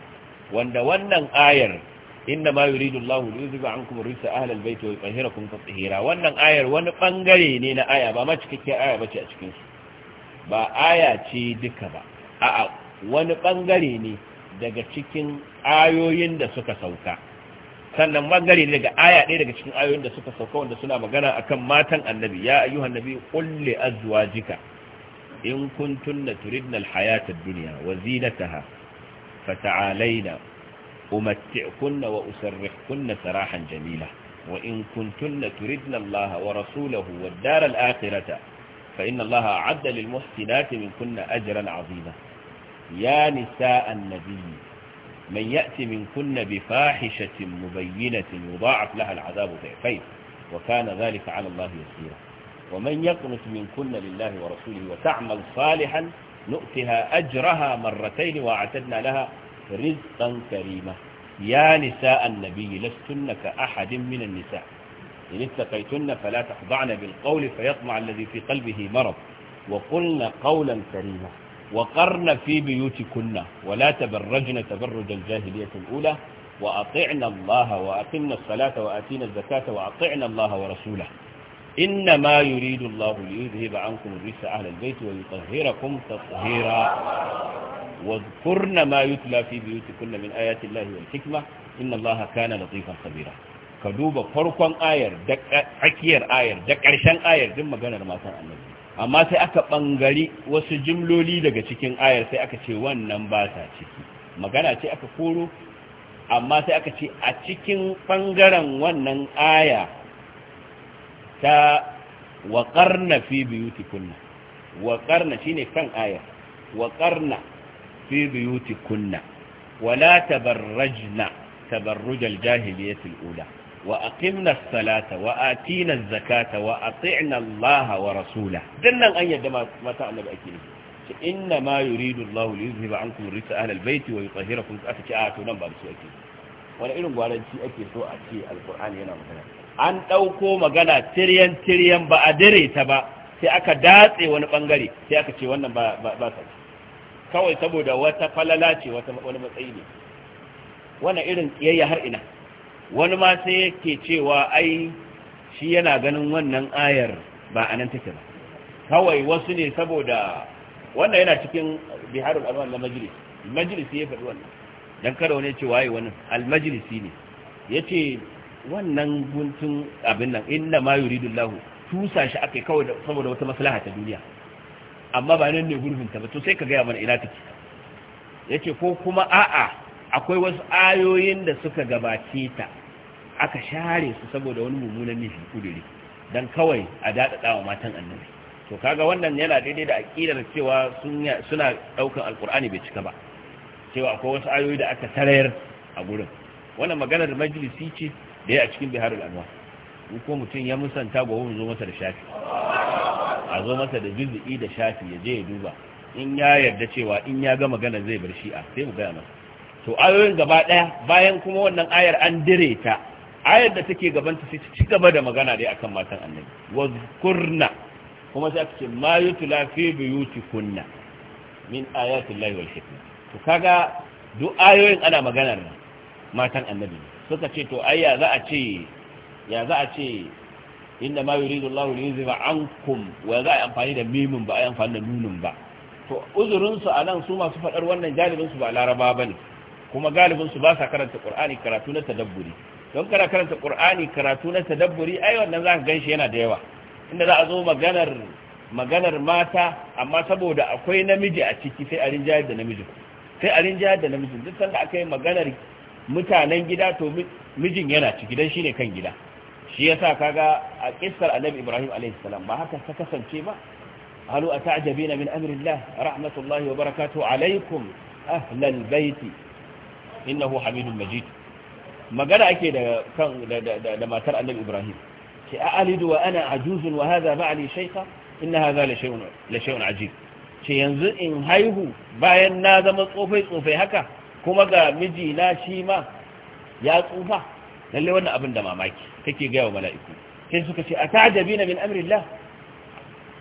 wanda wannan ayar inna ma yuridu Allahu li yuzhiba ankum rijsa ahli albayt wa yutahhirakum tatheera wannan ayar wani bangare ne na aya ba ma cikakken aya bace a cikin su ba aya ce duka ba a'a wani bangare ne daga cikin ayoyin da suka sauka sannan magari daga aya ɗaya daga cikin ayoyin da suka sauka wanda suna magana akan matan annabi ya ayyuhan annabi qul li azwajika in kuntunna turidna alhayata ad-dunya wa zinataha fata'alayna umatti'kunna wa usarrihkunna sarahan jamila wa in kuntunna turidna allaha wa rasulahu wad-dara al-akhirata fa inna allaha a'adda lil muhsinati minkunna ajran 'azima ya nisa an من يأتي منكن بفاحشة مبينة يضاعف لها العذاب ضعفين وكان ذلك على الله يسيرا ومن يقنط منكن لله ورسوله وتعمل صالحا نؤتها أجرها مرتين وأعتدنا لها رزقا كريما يا نساء النبي لستن كأحد من النساء إن اتقيتن فلا تخضعن بالقول فيطمع الذي في قلبه مرض وقلن قولا كريما وقرن في بيوتكن ولا تبرجن تبرج الجاهلية الأولى وأطعنا الله وأقمنا الصلاة وآتينا الزكاة وأطعنا الله ورسوله إنما يريد الله ليذهب عنكم الرجس أهل البيت ويطهركم تطهيرا واذكرن ما يتلى في بيوتكن من آيات الله والحكمة إن الله كان لطيفا خبيرا كدوب فرقا آير دك أكير آير دك عرشان آير دم جنر ما كان النبي amma sai aka bangari wasu jimloli daga cikin ayar sai aka ce wannan ba ta ciki magana ce aka koro amma sai aka ce a cikin ɓangaren wannan aya ta waƙarna fi biyuti kunna waƙarna shi ne kan ayar waƙarna fi biyuti kunna wala tabarrajna tabarrujal jahiliyatul ula وأقمنا الصلاة وآتينا الزكاة وأطعنا الله ورسوله دلنا أن يدما ما تعلم أكيد إنما يريد الله ليذهب عنكم الرجس أهل البيت ويطهركم wani irin gwaranci ake so a ce alkur'ani yana magana an ɗauko magana tiriyan tiriyan ba a dire ta ba sai aka datse wani bangare sai aka ce wannan ba ba kawai saboda wata falala ce wani matsayi ne irin har ina wani ma sai yake cewa ai shi yana ganin wannan ayar ba a nan take ba kawai wasu ne saboda wannan yana cikin biharul alwan na majalis majalisi ya faɗi wannan dan kada wani ce ai wannan almajlisi ne yace wannan guntun abin nan inna ma yuridullahu tusa shi akai kawai saboda wata maslaha ta duniya amma ba nan ne gurbin ta ba to sai ka gaya mana ina take yace ko kuma a'a akwai wasu ayoyin da suka gabace ta aka share su saboda wani mummunan nufi kuduri dan kawai a dadada wa matan annabi to kaga wannan yana daidai da aqidar cewa suna daukan alqur'ani bai cika ba cewa akwai wasu ayoyi da aka tarayar a gurin wannan maganar majalisi ce da ya a cikin biharul anwar ko mutum ya musanta gobe mu zo masa da shafi a zo masa da juz'i da shafi ya je ya duba in ya yarda cewa in ya ga magana zai bar shi'a sai mu gaya masa to ayoyin gaba daya bayan kuma wannan ayar an dire ta ayar da take ta sai ci gaba da magana dai akan matan annabi zkurna kuma sai ake ma yutla fi buyutikunna min ayati llahi wal hikma to kaga duk ayoyin ana maganar matan annabi suka ce to ayya za a ce ya za a ce inda ma yuridu llahu liyuzhiba ankum wa za a amfani da mimin ba a amfani da nunin ba to uzurin su anan su masu fadar wannan galibin su ba laraba bane kuma galibin su ba sa karanta qur'ani karatu na tadabburi don kana karanta Kur'ani, karatu na tadabburi ai wannan ka ganshi yana da yawa inda za a zo maganar maganar mata amma saboda akwai namiji a ciki sai a rinjayar da namiji sai a rinjayar da namiji duk sanda aka yi maganar mutanen gida to mijin yana ciki dan shine kan gida shi yasa kaga a kissar annabi ibrahim alaihi salam ba haka ta kasance ba halu ata'jabina min amrillah rahmatullahi wa barakatuhu alaikum ahlal baiti innahu hamidun majid magana ake da kan da matar annabi ibrahim ki a'alidu wa ana ajuzun wa hadha ba'li shaykha inna hadha la shay'un la shay'un ajib ce yanzu in haihu bayan na zama tsofai tsofai haka kuma ga miji na shi ma ya tsufa lalle wannan abin da mamaki kake ga wa mala'iku sai suka ce atajabina min amrillah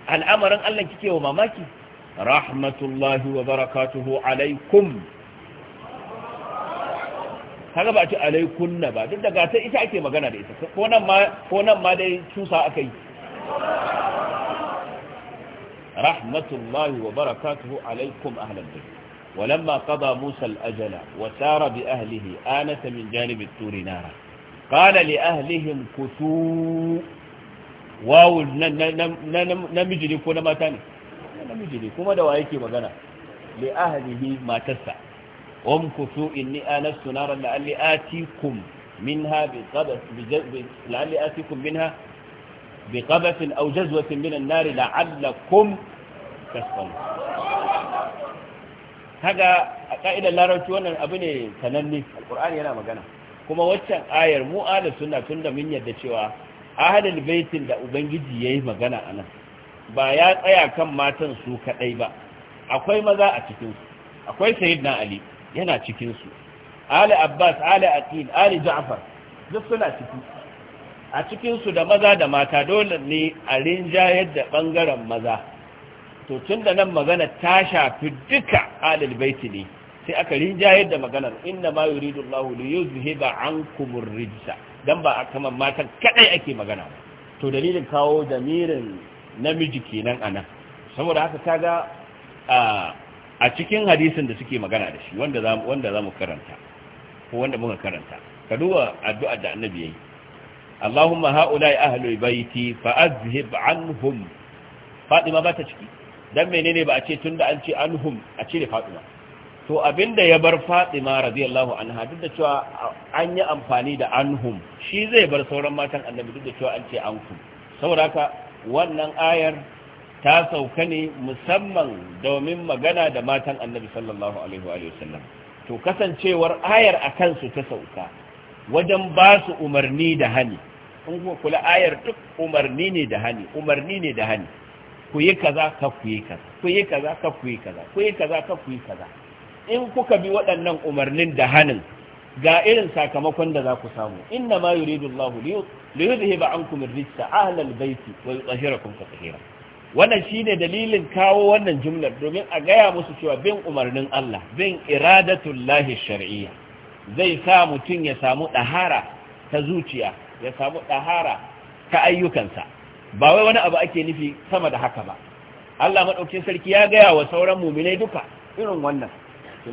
al'amarin Allah kike wa mamaki rahmatullahi wa barakatuhu alaikum kaga ba ci alaikunna ba duk daga ta ita ake magana da ita ko nan ma dai cusa aka yi rahmatullahi wa barakatuhu alaikum ahlal bayt ولما قضى موسى الأجل وسار بأهله آنس من جانب الطور نارا قال لأهلهم كثوا واو نمجري كنا ما تاني نمجري كما دوا يكي مغانا لأهله ما matarsa. wamkusu inni anastu naran la'alli atikum minha bi atikum minha bi qabatin aw jazwatin min an-nar la'allakum tasqalun kaga a ka'idar larabci wannan abu ne sananne alqur'ani yana magana kuma waccan ayar mu ala sunna tunda mun yadda cewa ahadul baitin da ubangiji yayi magana anan ba ya tsaya kan matan su kadai ba akwai maza a cikin akwai sayyidina ali yana cikinsu ali abbas ali aqil ali ja'far duk suna ciki a cikinsu da maza da mata dole ne a rinjayar da ɓangaren maza to tun da nan magana ta shafi duka alil baiti ne sai aka rinjayar da maganar inna ma yuridu Allahu li yuzhiba ankumur rijsa dan ba kaman matan kadai ake magana to dalilin kawo damirin namiji kenan anan saboda haka kaga a a cikin hadisin da suke magana da shi wanda za wanda za mu karanta ko wanda muka karanta ka duba addu'a da annabi yayi Allahumma haula'i ahlul baiti fa azhib anhum Fatima ba ta ciki dan menene ba a ce tunda an ce anhum a ce da Fatima to abinda ya bar Fatima radiyallahu anha duk da cewa an yi amfani da anhum shi zai bar sauran matan annabi duk da cewa an ce anhum saboda haka wannan ayar ta sauka ne musamman domin magana da matan annabi sallallahu alaihi wa sallam to kasancewar ayar a kansu ta sauka wajen ba su umarni da hani in kuma kula ayar duk umarni ne da hani umarni ne da hani ku yi kaza ka ku yi kaza ku yi kaza ka ku yi kaza ku yi kaza ka ku yi kaza in kuka bi waɗannan umarnin da hanin ga irin sakamakon da za ku samu inna ma yuridu Allahu li yuzhiba ankum ar-rijsa ahla al-bayti wa yutahhirakum tatheera wannan shine dalilin kawo wannan jumlar domin a gaya musu cewa bin umarnin Allah bin iradatullahi shar'iyya zai sa mutum ya samu ɗahara ta zuciya ya samu ɗahara ta ayyukansa ba wai wani abu ake nufi sama da haka ba Allah maɗaukin sarki ya gaya wa sauran muminai duka irin wannan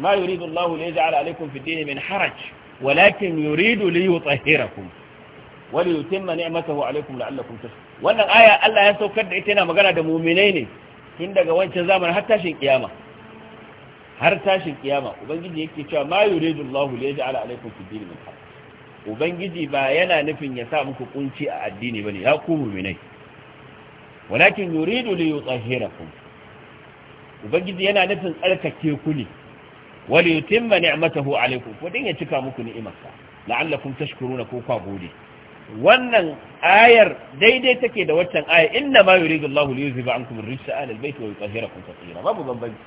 ma yuridu Allahu la yaj'al alaykum fi dini min haraj walakin yuridu li yutahhirakum wa li ni'matahu alaykum la'allakum tashkurun wannan aya Allah ya saukar da ita yana magana da muminai ne tun daga wancan zamanin har tashin kiyama har tashin kiyama ubangiji yake cewa ma yuridu Allahu li yaj'ala alaykum fi dinin min haraj ubangiji ba yana nufin ya sa muku kunci a addini bane ya ku muminai walakin yuridu li yutahhirakum ubangiji yana nufin tsarkake ku ne li yutimma ni'matahu alaykum ko din ya cika muku ni'imarsa la'allakum tashkuruna ko kwa gode wannan ayar daidai take da waccan ayar inna ma yuridu Allahu li yuzhiba ankum ar-rijsa ala al bayti wa yutahhirakum tatheera babu bambanci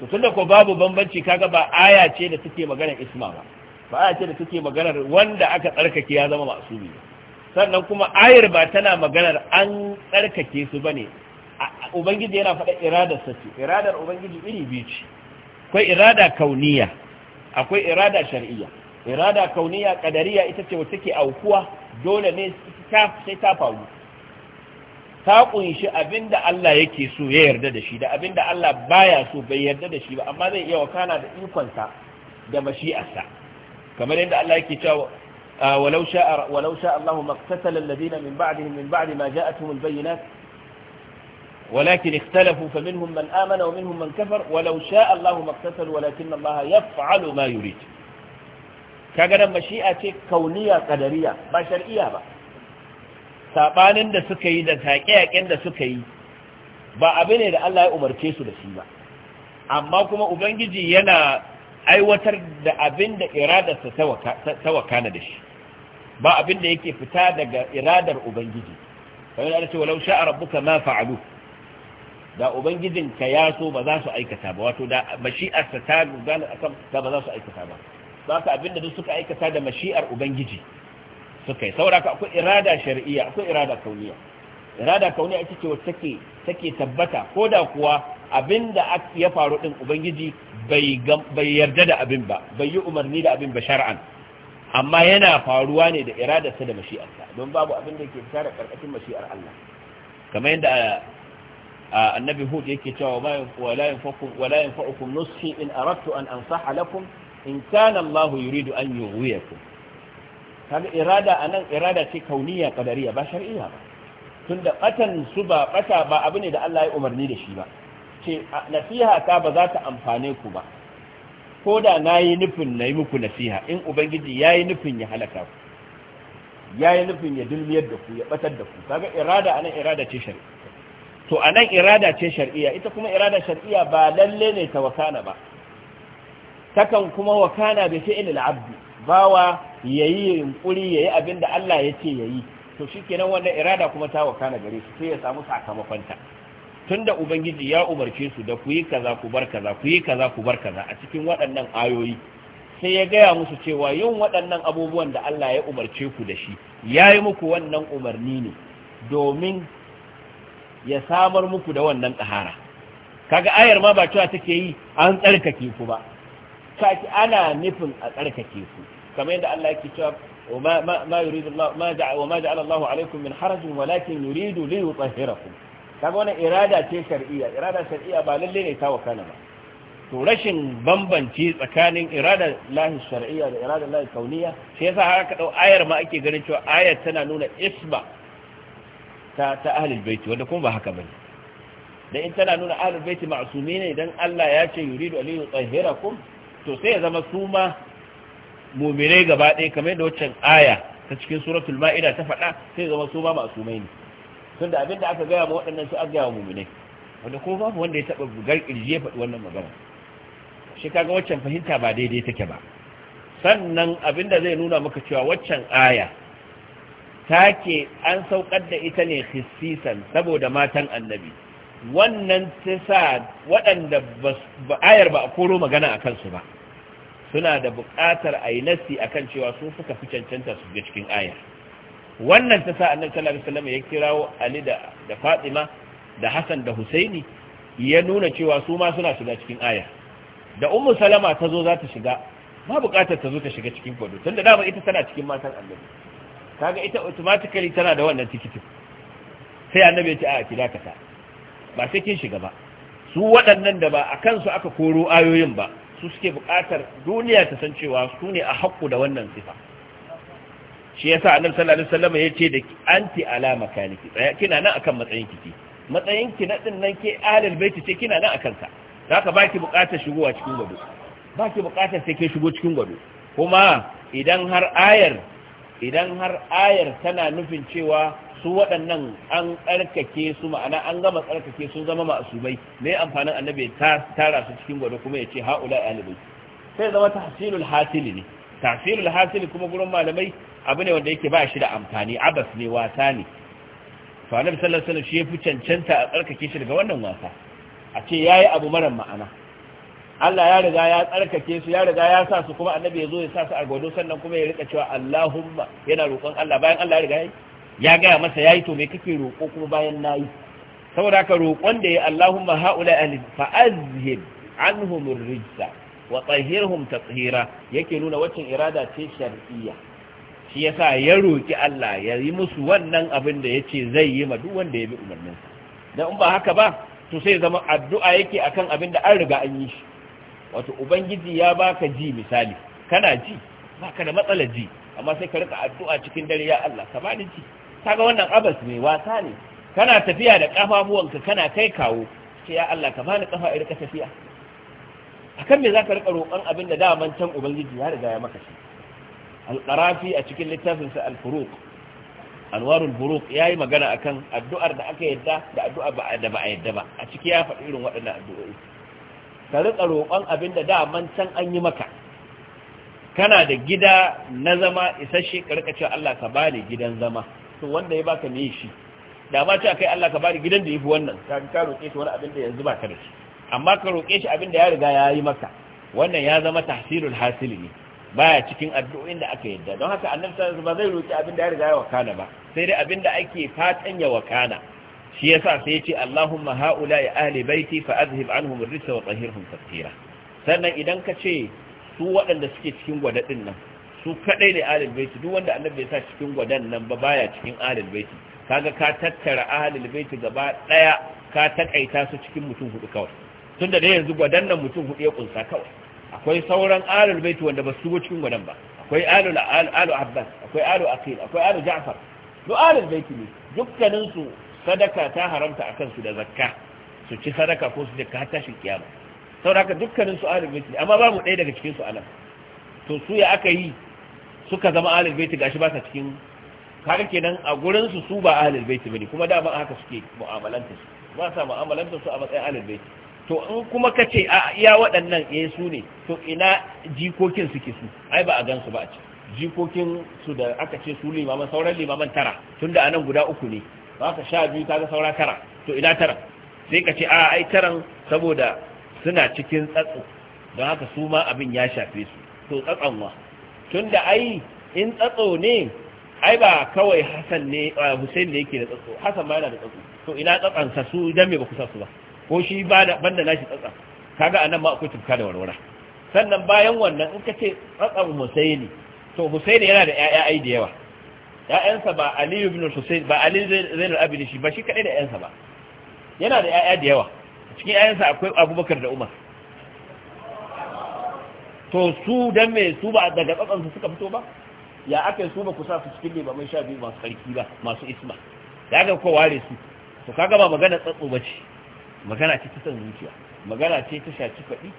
to tunda ko babu bambanci kaga ba aya ce da take magana isma ba ba aya ce da take maganar wanda aka tsarkake ya zama masubi sannan kuma ayar ba tana maganar an tsarkake su bane ubangiji yana faɗa iradar sa ce iradar ubangiji iri biyu ce akwai irada kauniya akwai irada shar'iyya irada kauniya kadariya ita ce wacce ke aukuwa dole ne sai ta faru ta kunshi abinda Allah yake so ya yarda da shi da abinda Allah baya so bai yarda da shi ba amma zai iya wakana da ikonsa da mashi'arsa kamar yadda Allah yake cewa ولو شاء ولو شاء الله ما اقتتل الذين من بعدهم من بعد ما جاءتهم البينات ولكن اختلفوا فمنهم من آمن ومنهم من كفر ولو شاء الله ما اقتتلوا ولكن الله يفعل ما يريد kaga nan mashi'a ce kauniya kadariya ba shar'iyya ba sabanin da suka yi da yaƙe da suka yi ba abu ne da Allah ya umarce su da shi ba amma kuma ubangiji yana aiwatar da abin da iradarsa ta wakana da shi ba abin da yake fita daga iradar ubangiji kamar yana cewa lausha a rabbuka ma fa'alu da ubangijinka ya so ba za su aikata ba wato da mashi'arsa ta gudana akan ba za su aikata ba ba ka abinda duk suka aikata da mashi'ar ubangiji suka yi saboda akwai irada shari'iyya akwai irada kauniya irada kauniya ita ce wacce take take tabbata ko da kuwa abin da ya faru din ubangiji bai bai yarda da abin ba bai yi umarni da abin ba shar'an amma yana faruwa ne da irada iradarsa da mashi'arsa don babu abin da ke tsara karkashin mashi'ar Allah kamar yadda annabi hud yake cewa wala yanfa'ukum wala yanfa'ukum nushi in aradtu an ansaha lakum in kana Allah yuridu an yuwiyakum kaga irada anan irada ce kauniya kadariya ba shar'iyya ba tunda batan su ba ɓata ba abu ne da Allah ya umarni da shi ba ce nasiha ta ba za ta amfane ku ba ko da nayi nufin nayi muku nasiha in ubangiji yayi nufin ya halaka ku yayi nufin ya dulmiyar da ku ya batar da ku kaga irada anan irada ce shari'a. to anan irada ce shar'iyya ita kuma irada shar'iyya ba lalle ne ta wakana ba takan kuma wa kana bi fi'lil abdi bawa yayi yunkuri yayi abin da Allah ya ce yayi to shikenan wannan irada kuma ta wa kana gare su sai ya samu sakamakon ta tunda ubangiji ya umarce su da ku yi kaza ku bar kaza ku yi kaza ku bar kaza a cikin waɗannan ayoyi sai ya gaya musu cewa yin waɗannan abubuwan da Allah ya umarce ku da shi ya yi muku wannan umarni ne domin ya samar muku da wannan tsahara kaga ayar ma ba cewa take yi an tsarkake ku ba tsarkaki ana nufin a tsarkake su kamar yadda Allah yake cewa ma yuridu Allah ma da'a wa ma ja'ala Allahu alaikum min harajin walakin yuridu li yutahhirakum kaga wannan irada ce shar'iyya irada shar'iyya ba lalle ne ta wakana ba to rashin bambanci tsakanin irada lahi shar'iyya da irada lahi kauniya shi yasa har aka dau ayar ma ake ganin cewa ayar tana nuna isba ta ta ahlul bait wanda kuma ba haka bane dan in tana nuna ahlul bait ma'sumi ne dan Allah ya ce yuridu an yutahhirakum to sai ya zama su ma muminai gaba ɗaya kamar da waccan aya ta cikin suratul ma'ida ta faɗa sai ya zama su ma mai ne tunda abin da aka gaya ma waɗannan su an gaya wa muminai wanda ko babu wanda ya taɓa bugar ƙirji ya faɗi wannan magana shi kaga waccan fahimta ba daidai take ba sannan abin da zai nuna maka cewa waccan aya take an saukar da ita ne hissisan saboda matan annabi wannan ta sa waɗanda ayar ba a koro magana a kansu ba suna da buƙatar a yi nasi a kan cewa su suka fi cancanta su ga cikin ayar wannan ta sa annan salari salama ya kirawo ali da fatima da hassan da husaini ya nuna cewa su ma suna shiga cikin ayar da umar salama ta zo za ta shiga ba buƙatar ta zo ta shiga cikin kwado tun da dama ita tana cikin matan annabi kaga ita automatically tana da wannan tikitin sai annabi ya ce a ki dakata ba sai kin shiga ba su waɗannan da ba a kansu aka koro ayoyin ba su suke buƙatar duniya ta san cewa su ne a haƙƙu da wannan sifa shi sa annabi sallallahu alaihi wasallam ya ce da anti ala makaniki tsaya kina nan akan matsayin matsayin ki na din nan ke alal baiti ce kina nan akan ka zaka baki buƙatar shigowa cikin gado baki buƙatar sai ke shigo cikin gado kuma idan har ayar idan har ayar tana nufin cewa su waɗannan an tsarkake su ma'ana an gama tsarkake sun zama ma'asumai me amfanin annabi ta tara su cikin gwada kuma ya ce haula ɗalibai. sai zama tahsilul hasili ne tahsilul hasili kuma gurin malamai abu ne wanda yake ba shi da amfani abas ne wata ne to annabi sallallahu alaihi wasallam shi ya fi cancanta a tsarkake shi daga wannan wasa a ce yayi abu mara ma'ana Allah ya riga ya tsarkake su ya riga ya sa su kuma annabi ya zo ya sa su a gwado sannan kuma ya rika cewa Allahumma yana roƙon Allah bayan Allah ya riga ya ya gaya masa yayi to me kake roƙo kuma bayan nayi saboda haka roƙon da ya Allahumma haula ahli fa'azhib anhum ar-rijsa wa tahhirhum tatheera yake nuna wacce irada ce shar'iyya shi yasa ya roki Allah ya yi musu wannan abin da yace zai yi ma duk wanda ya bi umarninsa dan in ba haka ba to sai zama addu'a yake akan abin da an riga an yi shi wato ubangiji ya baka ji misali kana ji baka da matsala ji amma sai ka rika addu'a cikin dare ya Allah ka bani ji kaga wannan abas ne wasa ne kana tafiya da kafafuwanka kana kai kawo sai ya Allah ka bani kafa irka tafiya akan me zaka rika roƙon abin da dama can ubangiji ya riga ya maka shi al-qarafi a cikin littafin sa al-furuq anwarul buruq yayi magana akan addu'ar da aka yadda da addu'a ba da ba a yadda ba a ciki ya faɗi irin waɗannan addu'o'i ka riƙa roƙon abin da daman can an yi maka kana da gida na zama isasshe ka riƙa cewa Allah ka bani gidan zama to wanda ya baka ne shi da ma cewa kai Allah ka bani gidan da yafi wannan ka ka roƙe shi wani abin da yanzu baka da shi amma ka roƙe shi abin da ya riga ya yi maka wannan ya zama tahsilul hasili ne baya cikin addu'o'in da aka yadda don haka annabi sallallahu alaihi wasallam ba zai roƙi abin da ya riga ya wakana ba sai dai abin da ake fatan ya wakana shi ya sa sai ce Allahumma haula ya ahli baiti fa azhib anhum ar-rijsa wa tahhirhum tattira. sannan idan ka ce su waɗanda suke cikin gwadaɗin nan su kadai ne ahlul baiti duk wanda annabi ya sa cikin gwadan nan ba baya cikin ahlul baiti kaga ka tattara ahlul baiti gaba ɗaya ka taƙaita su cikin mutum huɗu kawai tunda da yanzu gwadan nan mutum huɗu ya kunsa kawai akwai sauran ahlul baiti wanda ba su go cikin gwadan ba akwai ahlul alu abbas akwai alu aqil akwai alu ja'far duk ahlul baiti ne dukkaninsu. sadaka ta haramta a kansu da zakka su ci sadaka ko su zakka tashin kiyama saboda dukkanin su ahlul baiti amma mu ɗaya daga cikin su anan to su ya aka yi suka zama ahlul baiti gashi ba sa cikin kaga kenan a gurin su su ba ahlul baiti bane kuma da ba haka suke mu'amalanta su ba sa mu'amalanta su a matsayin ahlul baiti to in kuma ka ce a iya waɗannan eh su ne to ina jikokin suke su ai ba a gan su ba a ce jikokin su da aka ce su limaman sauran limaman tara tunda anan guda uku ne ba ka sha biyu ta ga saura tara to ina tara sai ka ce a ai taran saboda suna cikin tsatso don haka su ma abin ya shafe su to tsatsanwa tun da ai in tsatso ne ai ba kawai hasan ne hussein ne yake da tsatso hasan ma yana da tsatso to ina sa su dan me ba kusa su ba ko shi ba banda nashi tsatsa kaga anan ma akwai tuka da warwara sannan bayan wannan in ka ce tsatsan husaini to Hussein yana da ƴaƴa ai da yawa Ya'yansa ba Ali ibn Husayn ba Ali Zainul Abidin shi ba shi kadai da ƴaƴansa ba yana da ƴaƴa da yawa cikin ƴaƴansa akwai Abubakar da Umar to su dan me su ba daga tsatsansu suka fito ba ya aka su ba ku sa su cikin limaman sha biyu masu sarki ba masu isma Ya ga kuwa ware su to kaga ba magana tsatso ba ce magana ce ta san zuciya magana ce ta shaci faɗi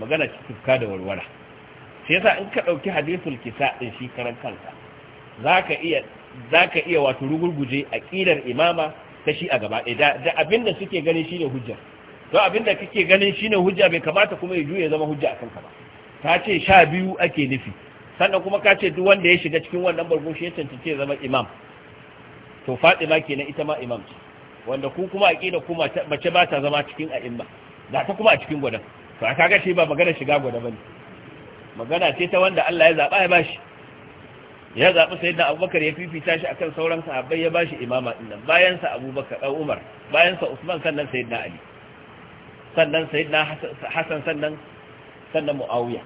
magana ce tufka da warwara sai yasa in ka ɗauki hadisul kisa ɗin shi karan kanka, zaka iya zaka iya wato rugurguje aqidar imama ta shi a gaba da, da abinda suke ganin shine hujja to abinda kake ganin shine hujja bai kamata kuma ya juye zama hujja akan ka ba ta ce sha biyu ake nufi sannan kuma ka ce duk wanda ya shiga cikin wannan bargo shi ya tantance zama imam to Fatima kenan ita ma imam ce wanda ku kuma aqida kuma mace ba ta zama cikin a'imma da ta kuma a cikin gwada. to a kaga shi ba magana shiga gwada bane magana ce ta wanda Allah ya zaba ya bashi ya zaɓi sayyidina abubakar ya fifita shi akan sauran sahabbai ya bashi imama din nan bayan sa abubakar dan umar bayan sa usman sannan sayyidina ali sannan sayyidina hasan sannan sannan muawiya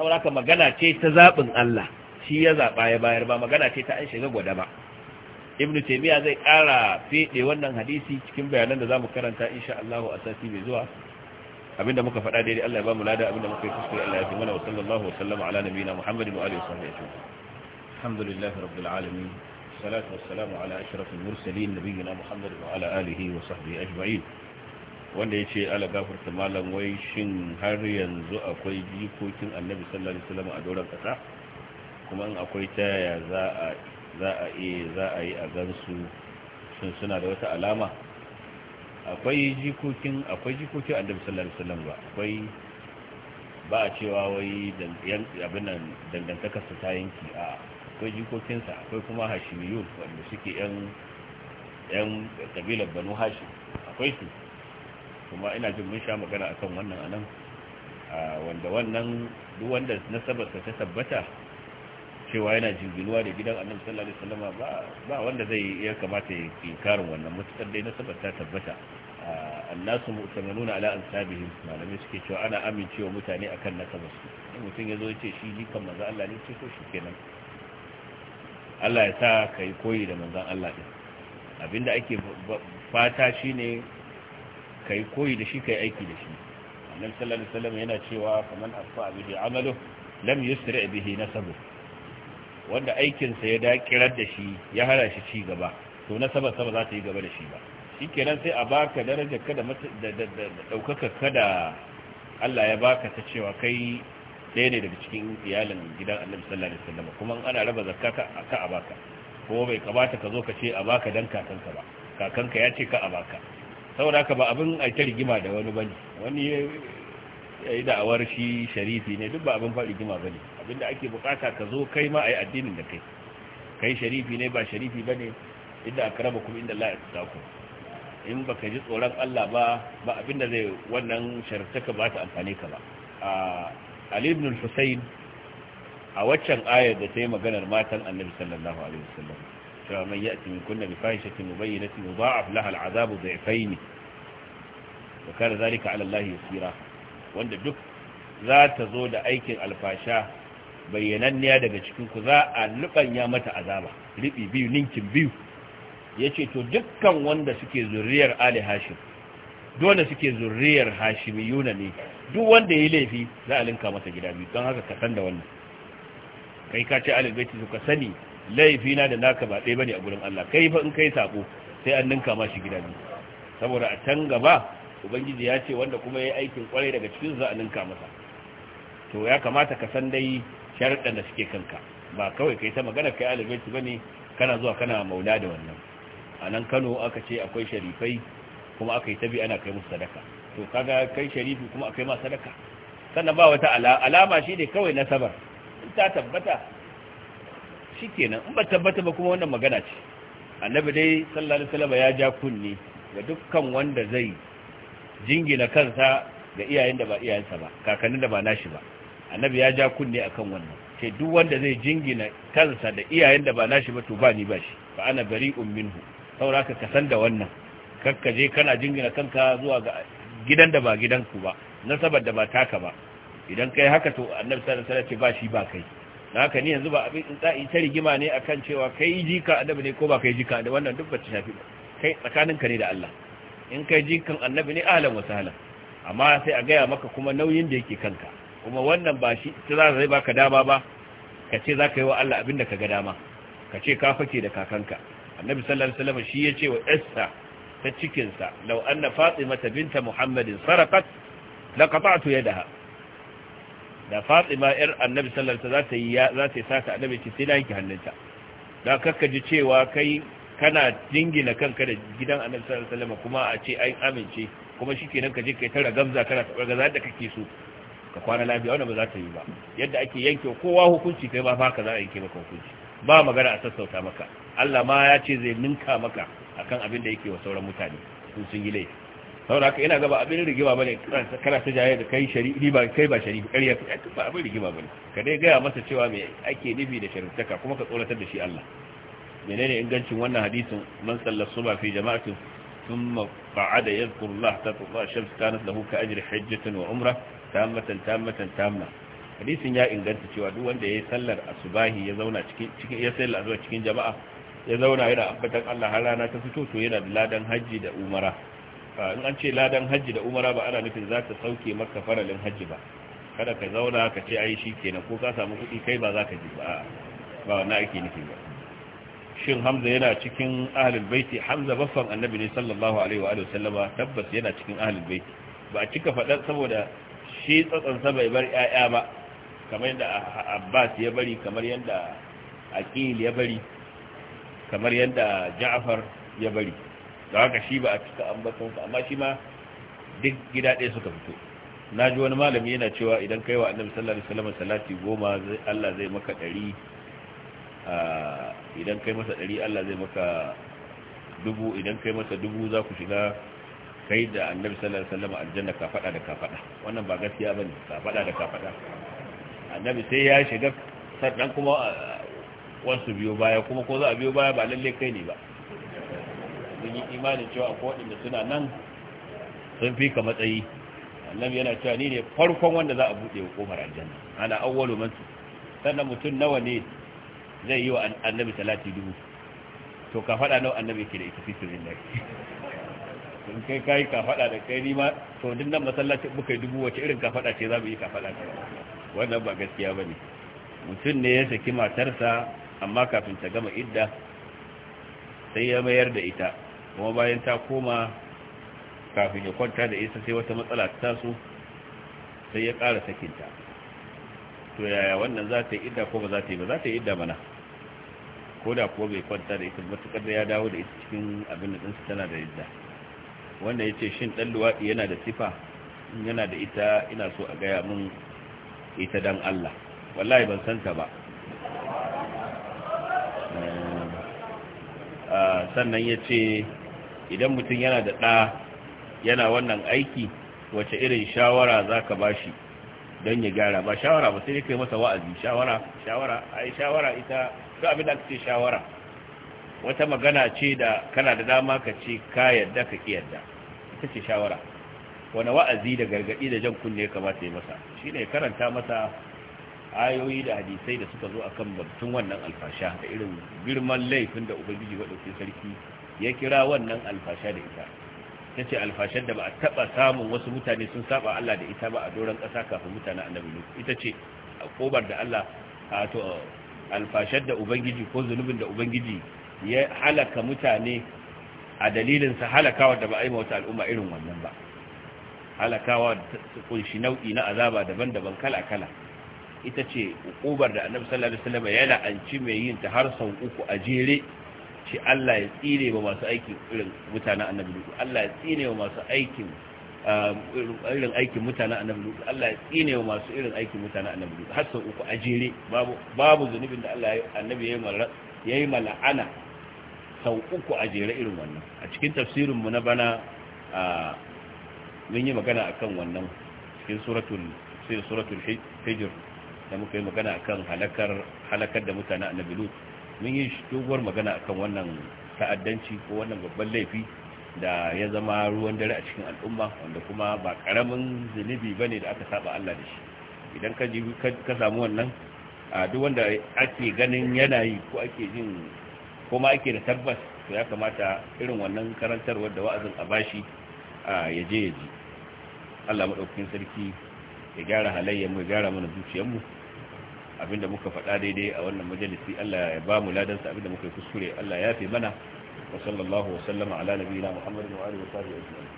saboda magana ce ta zaɓin Allah shi ya zaɓa ya bayar ba magana ce ta an shiga gwada ba ibn taymiya zai ƙara fede wannan hadisi cikin bayanan da zamu karanta insha allahu a sati mai zuwa abinda muka faɗa daidai Allah ya ba mu lada abinda muka yi kuskure Allah ya fi mana wa sallallahu wa sallama ala nabiyina Muhammadin wa alihi wa sahbihi ajma'in alhamdulillah rabbil alamin salatu wassalamu ala ashrafil mursalin nabiyina Muhammad wa ala alihi wa sahbihi ajma'in wanda ya ce ala gafarta malam wai shin har yanzu akwai jikokin annabi sallallahu alaihi wasallam a doron kasa kuma in akwai ta yaya za a eh, za a yi a gansu shin suna da wata alama akwai jikokin akwai jikokin annabi sallallahu alaihi wasallam ba akwai ba a cewa wai abin nan dangantaka su ta yanki a akwai jikokinsa akwai kuma hashimiyun wanda suke yan yan kabilar banu hashim akwai su kuma ina jin mun sha magana akan wannan anan wanda wannan duk wanda nasabarsa ta tabbata cewa yana jingiluwa da gidan annabi sallallahu alaihi wasallam ba ba wanda zai ya kamata ya inkarin wannan mutakar dai na ta tabbata annasu mu'tamanuna ala ansabihim malami suke cewa ana amincewa mutane akan nasabar su in mutum ya zo ya ce shi jikan manzo Allah ne ce to shikenan Allah ya sa kai koyi da manzon Allah din abinda ake fata shine kai koyi da shi kai aiki da shi annabi sallallahu alaihi wasallam yana cewa faman asfa bihi amalu lam yusri bihi nasabuhu wanda aikinsa ya dakirar da shi ya hada shi ci gaba to na saba saba za ta yi gaba da shi ba shi kenan sai a baka darajar kada da ɗaukaka kada Allah ya baka ta cewa kai ɗaya ne daga cikin iyalin gidan annabi sallallahu alaihi wasallam kuma ana raba zakka ka a baka ko bai kamata ka zo ka ce a baka dan kakanka ba kakanka ya ce ka a baka saboda ka ba abin a ta rigima da wani bane wani ya yi da'awar shi sharifi ne duk ba abin faɗi rigima bane abinda ake bukata ka zo kai ma a yi addinin da kai kai sharifi ne ba sharifi ba ne inda aka raba kuma inda Allah ya tsaka ku in ba ka ji tsoron Allah ba ba abinda zai wannan shartaka ba ta amfane ka ba Ali ibn al-Husayn a waccan ayar da ta yi maganar matan Annabi sallallahu alaihi wasallam cewa yi ya'ti min kunna bi fahishatin mubayyinatin yudha'af laha al-'adhabu dhi'fayn wa kana dhalika 'ala Allah yusira wanda duk za ta zo da aikin alfasha bayyananniya daga cikin ku za a luɓanya mata azaba ribi biyu ninkin biyu yace to dukkan wanda suke zuriyar ali hashim dole suke zuriyar hashimiyuna ne duk wanda yayi laifi za a linka masa gida biyu don haka ka san da wannan kai ka ce ali baiti suka sani laifi na da naka ba ɗaya bane a gurin Allah kai fa in kai sako sai an ninka mashi gida biyu saboda a can gaba ubangiji ya ce wanda kuma ya yi aikin kwarai daga cikin za a ninka masa to ya kamata ka san dai sharɗan da suke kanka ba kawai kai ta magana kai ba bane kana zuwa kana maula da wannan a nan Kano aka ce akwai sharifai kuma aka yi tabi ana kai musu sadaka to kaga kai sharifi kuma akai ma sadaka sannan ba wata alama shi ne kawai nasabar in ta tabbata shikenan in ba tabbata ba kuma wannan magana ce annabi dai sallallahu alaihi wasallam ya ja kunni ga dukkan wanda zai jingina kansa ga iyayen da ba iyayensa ba kakannin da ba nashi ba annabi ya ja kunne akan wannan ce duk wanda zai jingina kansa da iyayen da ba nashi ba to ba ni ba shi fa ana bari'un minhu saboda ka kasan da wannan kakka je kana jingina kanka zuwa ga gidan da ba gidanku ba nasabar da ba taka ba idan kai haka to annabi sallallahu alaihi wasallam ce ba shi ba kai na haka ni yanzu ba abin tsayi ta rigima ne akan cewa kai jika annabi ne ko ba kai jika da wannan duk ba ta shafi kai tsakaninka ne da Allah in kai jikan annabi ne ahlan wa sahlan amma sai a gaya maka kuma nauyin da yake kanka kuma wannan ba shi ta za zai baka dama ba ka ce za ka yi wa Allah abin da ka ga dama ka ce ka fake da kakanka annabi sallallahu alaihi wasallam shi ya ce wa Esther ta cikinsa law anna Fatima binta Muhammadin sarqat laqata'tu yadaha da Fatima yar annabi sallallahu alaihi wasallam za ta yi za ta yi saka annabi ce sai na yanke hannunta da kakka ji cewa kai kana jingina kanka da gidan annabi sallallahu alaihi wasallam kuma a ce ai amince kuma shikenan ka je kai tara gamza kana tabar gaza da kake so ka kwana lafiya wanda ba za ta yi ba yadda ake yanke kowa hukunci kai ba haka za a yanke maka hukunci ba magana a sassauta maka Allah ma ya ce zai ninka maka akan abin da yake wa sauran mutane sun sun yi laifi saboda haka ina gaba abin rigima bane kana ta jaye da kai shari'i ba kai ba shari'i ƙarya ba abin rigima bane ka dai gaya masa cewa me ake nufi da shari'taka kuma ka tsoratar da shi Allah menene ingancin wannan hadisin man sallar suba fi jama'atin ثم قعد يذكر الله تطلع الشمس كانت له كأجر wa وعمرة tammatan tammatan tamma hadisin ya inganta cewa duk wanda yayi sallar asubahi ya zauna cikin cikin ya sallar asubahi cikin jama'a ya zauna yana ambatan Allah har rana ta fito to yana da ladan haji da umara in an ce ladan haji da umara ba ana nufin zata sauke maka faralin haji ba kada ka zauna ka ce ai shi ko ka samu kuɗi kai ba za ka ji ba ba wannan ake nufi ba shin hamza yana cikin ahlul baiti hamza baffan annabi ne sallallahu alaihi wa sallama tabbas yana cikin ahlul baiti ba a cika faɗa saboda shi tsatsansa bai bar ‘ya'ya ba kamar yadda abbas ya bari kamar yadda aqil ya bari kamar yadda Jafar ya bari da haka shi ba a cika ambatonsa amma shi ma duk gida ɗaya suka fito na ji wani malami yana cewa idan kai wa annabi sallallahu alaihi wasallam salati goma Allah zai maka ɗari idan kai masa ɗari Allah zai maka dubu idan kai masa dubu za ku shiga kai da annabi sallallahu alaihi wasallam aljanna ka fada da ka fada wannan ba gaskiya bane ka fada da ka fada annabi sai ya shiga sannan kuma uh, wasu biyo baya kuma ko za a biyo baya ba lalle kai ne ba mun yi imanin cewa akwai waɗanda suna nan sun fi ka matsayi annabi yana cewa ni ne farkon wanda za a buɗe kofar ƙofar aljanna ana awwalu man sannan mutum nawa ne zai yi wa annabi salati dubu to ka fada nawa annabi ke da ita fitrin sirrin da in kai kayi kafada da kai ma to din nan masallacin muka yi dubu wace irin kafada ce za mu yi kafada ka wannan ba gaskiya ba ne mutum ne ya saki matarsa amma kafin ta gama idda sai ya mayar da ita kuma bayan ta koma kafin ya kwanta da ita sai wata matsala ta taso sai ya ƙara sakinta to yaya wannan za ta yi idda ko ba za ta yi ba za ta yi idda mana ko da kuwa bai kwanta da ita matuƙar da ya dawo da ita cikin abin da ɗinsu tana da idda wanda ya ce shin ɗan luwaɗi yana da sifa yana da ita ina so a gaya mun ita don Allah wallahi ban santa ba eh, sannan ya ce idan mutum yana da ɗa yana wannan aiki wace irin shawara za ka ba don ya gyara ba shawara ba sai ya kai masa wa'azi shawara shawara a yi shawara ita su abin da ake shawara wata magana ce da kana da dama ka ce ka yadda ka ki yadda ita ce shawara wani wa'azi da gargadi da jan kunne ya kamata ya masa Shi ne karanta masa ayoyi da hadisai da suka zo akan batun wannan alfasha da irin girman laifin da ubangiji wadauke sarki ya kira wannan alfasha da ita ta ce alfashar da ba a taɓa samun wasu mutane sun saba Allah da ita ba a doron ƙasa kafin mutane annabi lu ita ce a kobar da Allah a to alfashar da ubangiji ko zunubin da ubangiji ya halaka mutane a dalilinsa halakawa da ba a yi wata al'umma irin wannan ba halakawa ta kunshi nau'i na azaba daban-daban kala-kala ita ce hukubar da annabi sallallahu alaihi wasallam an ci mai yin ta har sau uku a jere shi Allah ya tsire ba masu aikin irin mutanen annabi lutu Allah ya tsine ba masu aikin um, irin aikin mutanen annabi lutu Allah ya tsine ba masu irin aikin mutanen annabi lutu har sau uku a jere babu babu zunubin da Allah annabi ya yi mala'ana sau uku a jere irin wannan a cikin tafsirin mu na bana a mun yi magana akan wannan cikin suratul sai suratul da muka yi magana akan halakar halakar da mutane a nabilu mun yi doguwar magana akan wannan ta'addanci ko wannan babban laifi da ya zama ruwan dare a cikin al'umma wanda kuma ba karamin zunubi bane da aka saba Allah da shi idan ka ji ka samu wannan a duk wanda ake ganin yanayi ko ake jin kuma ake da tabbas to ya kamata irin wannan karantarwar da wa'azin a bashi ya je ya ji Allah maɗaukakin sarki ya gyara halayyar mu ya gyara mana zuciyar mu abinda muka faɗa daidai a wannan majalisi Allah ya ba mu ladan sa abinda muka yi kuskure Allah ya fi mana wa sallallahu wa sallama ala nabiyina Muhammadin wa alihi wa sahbihi ajma'in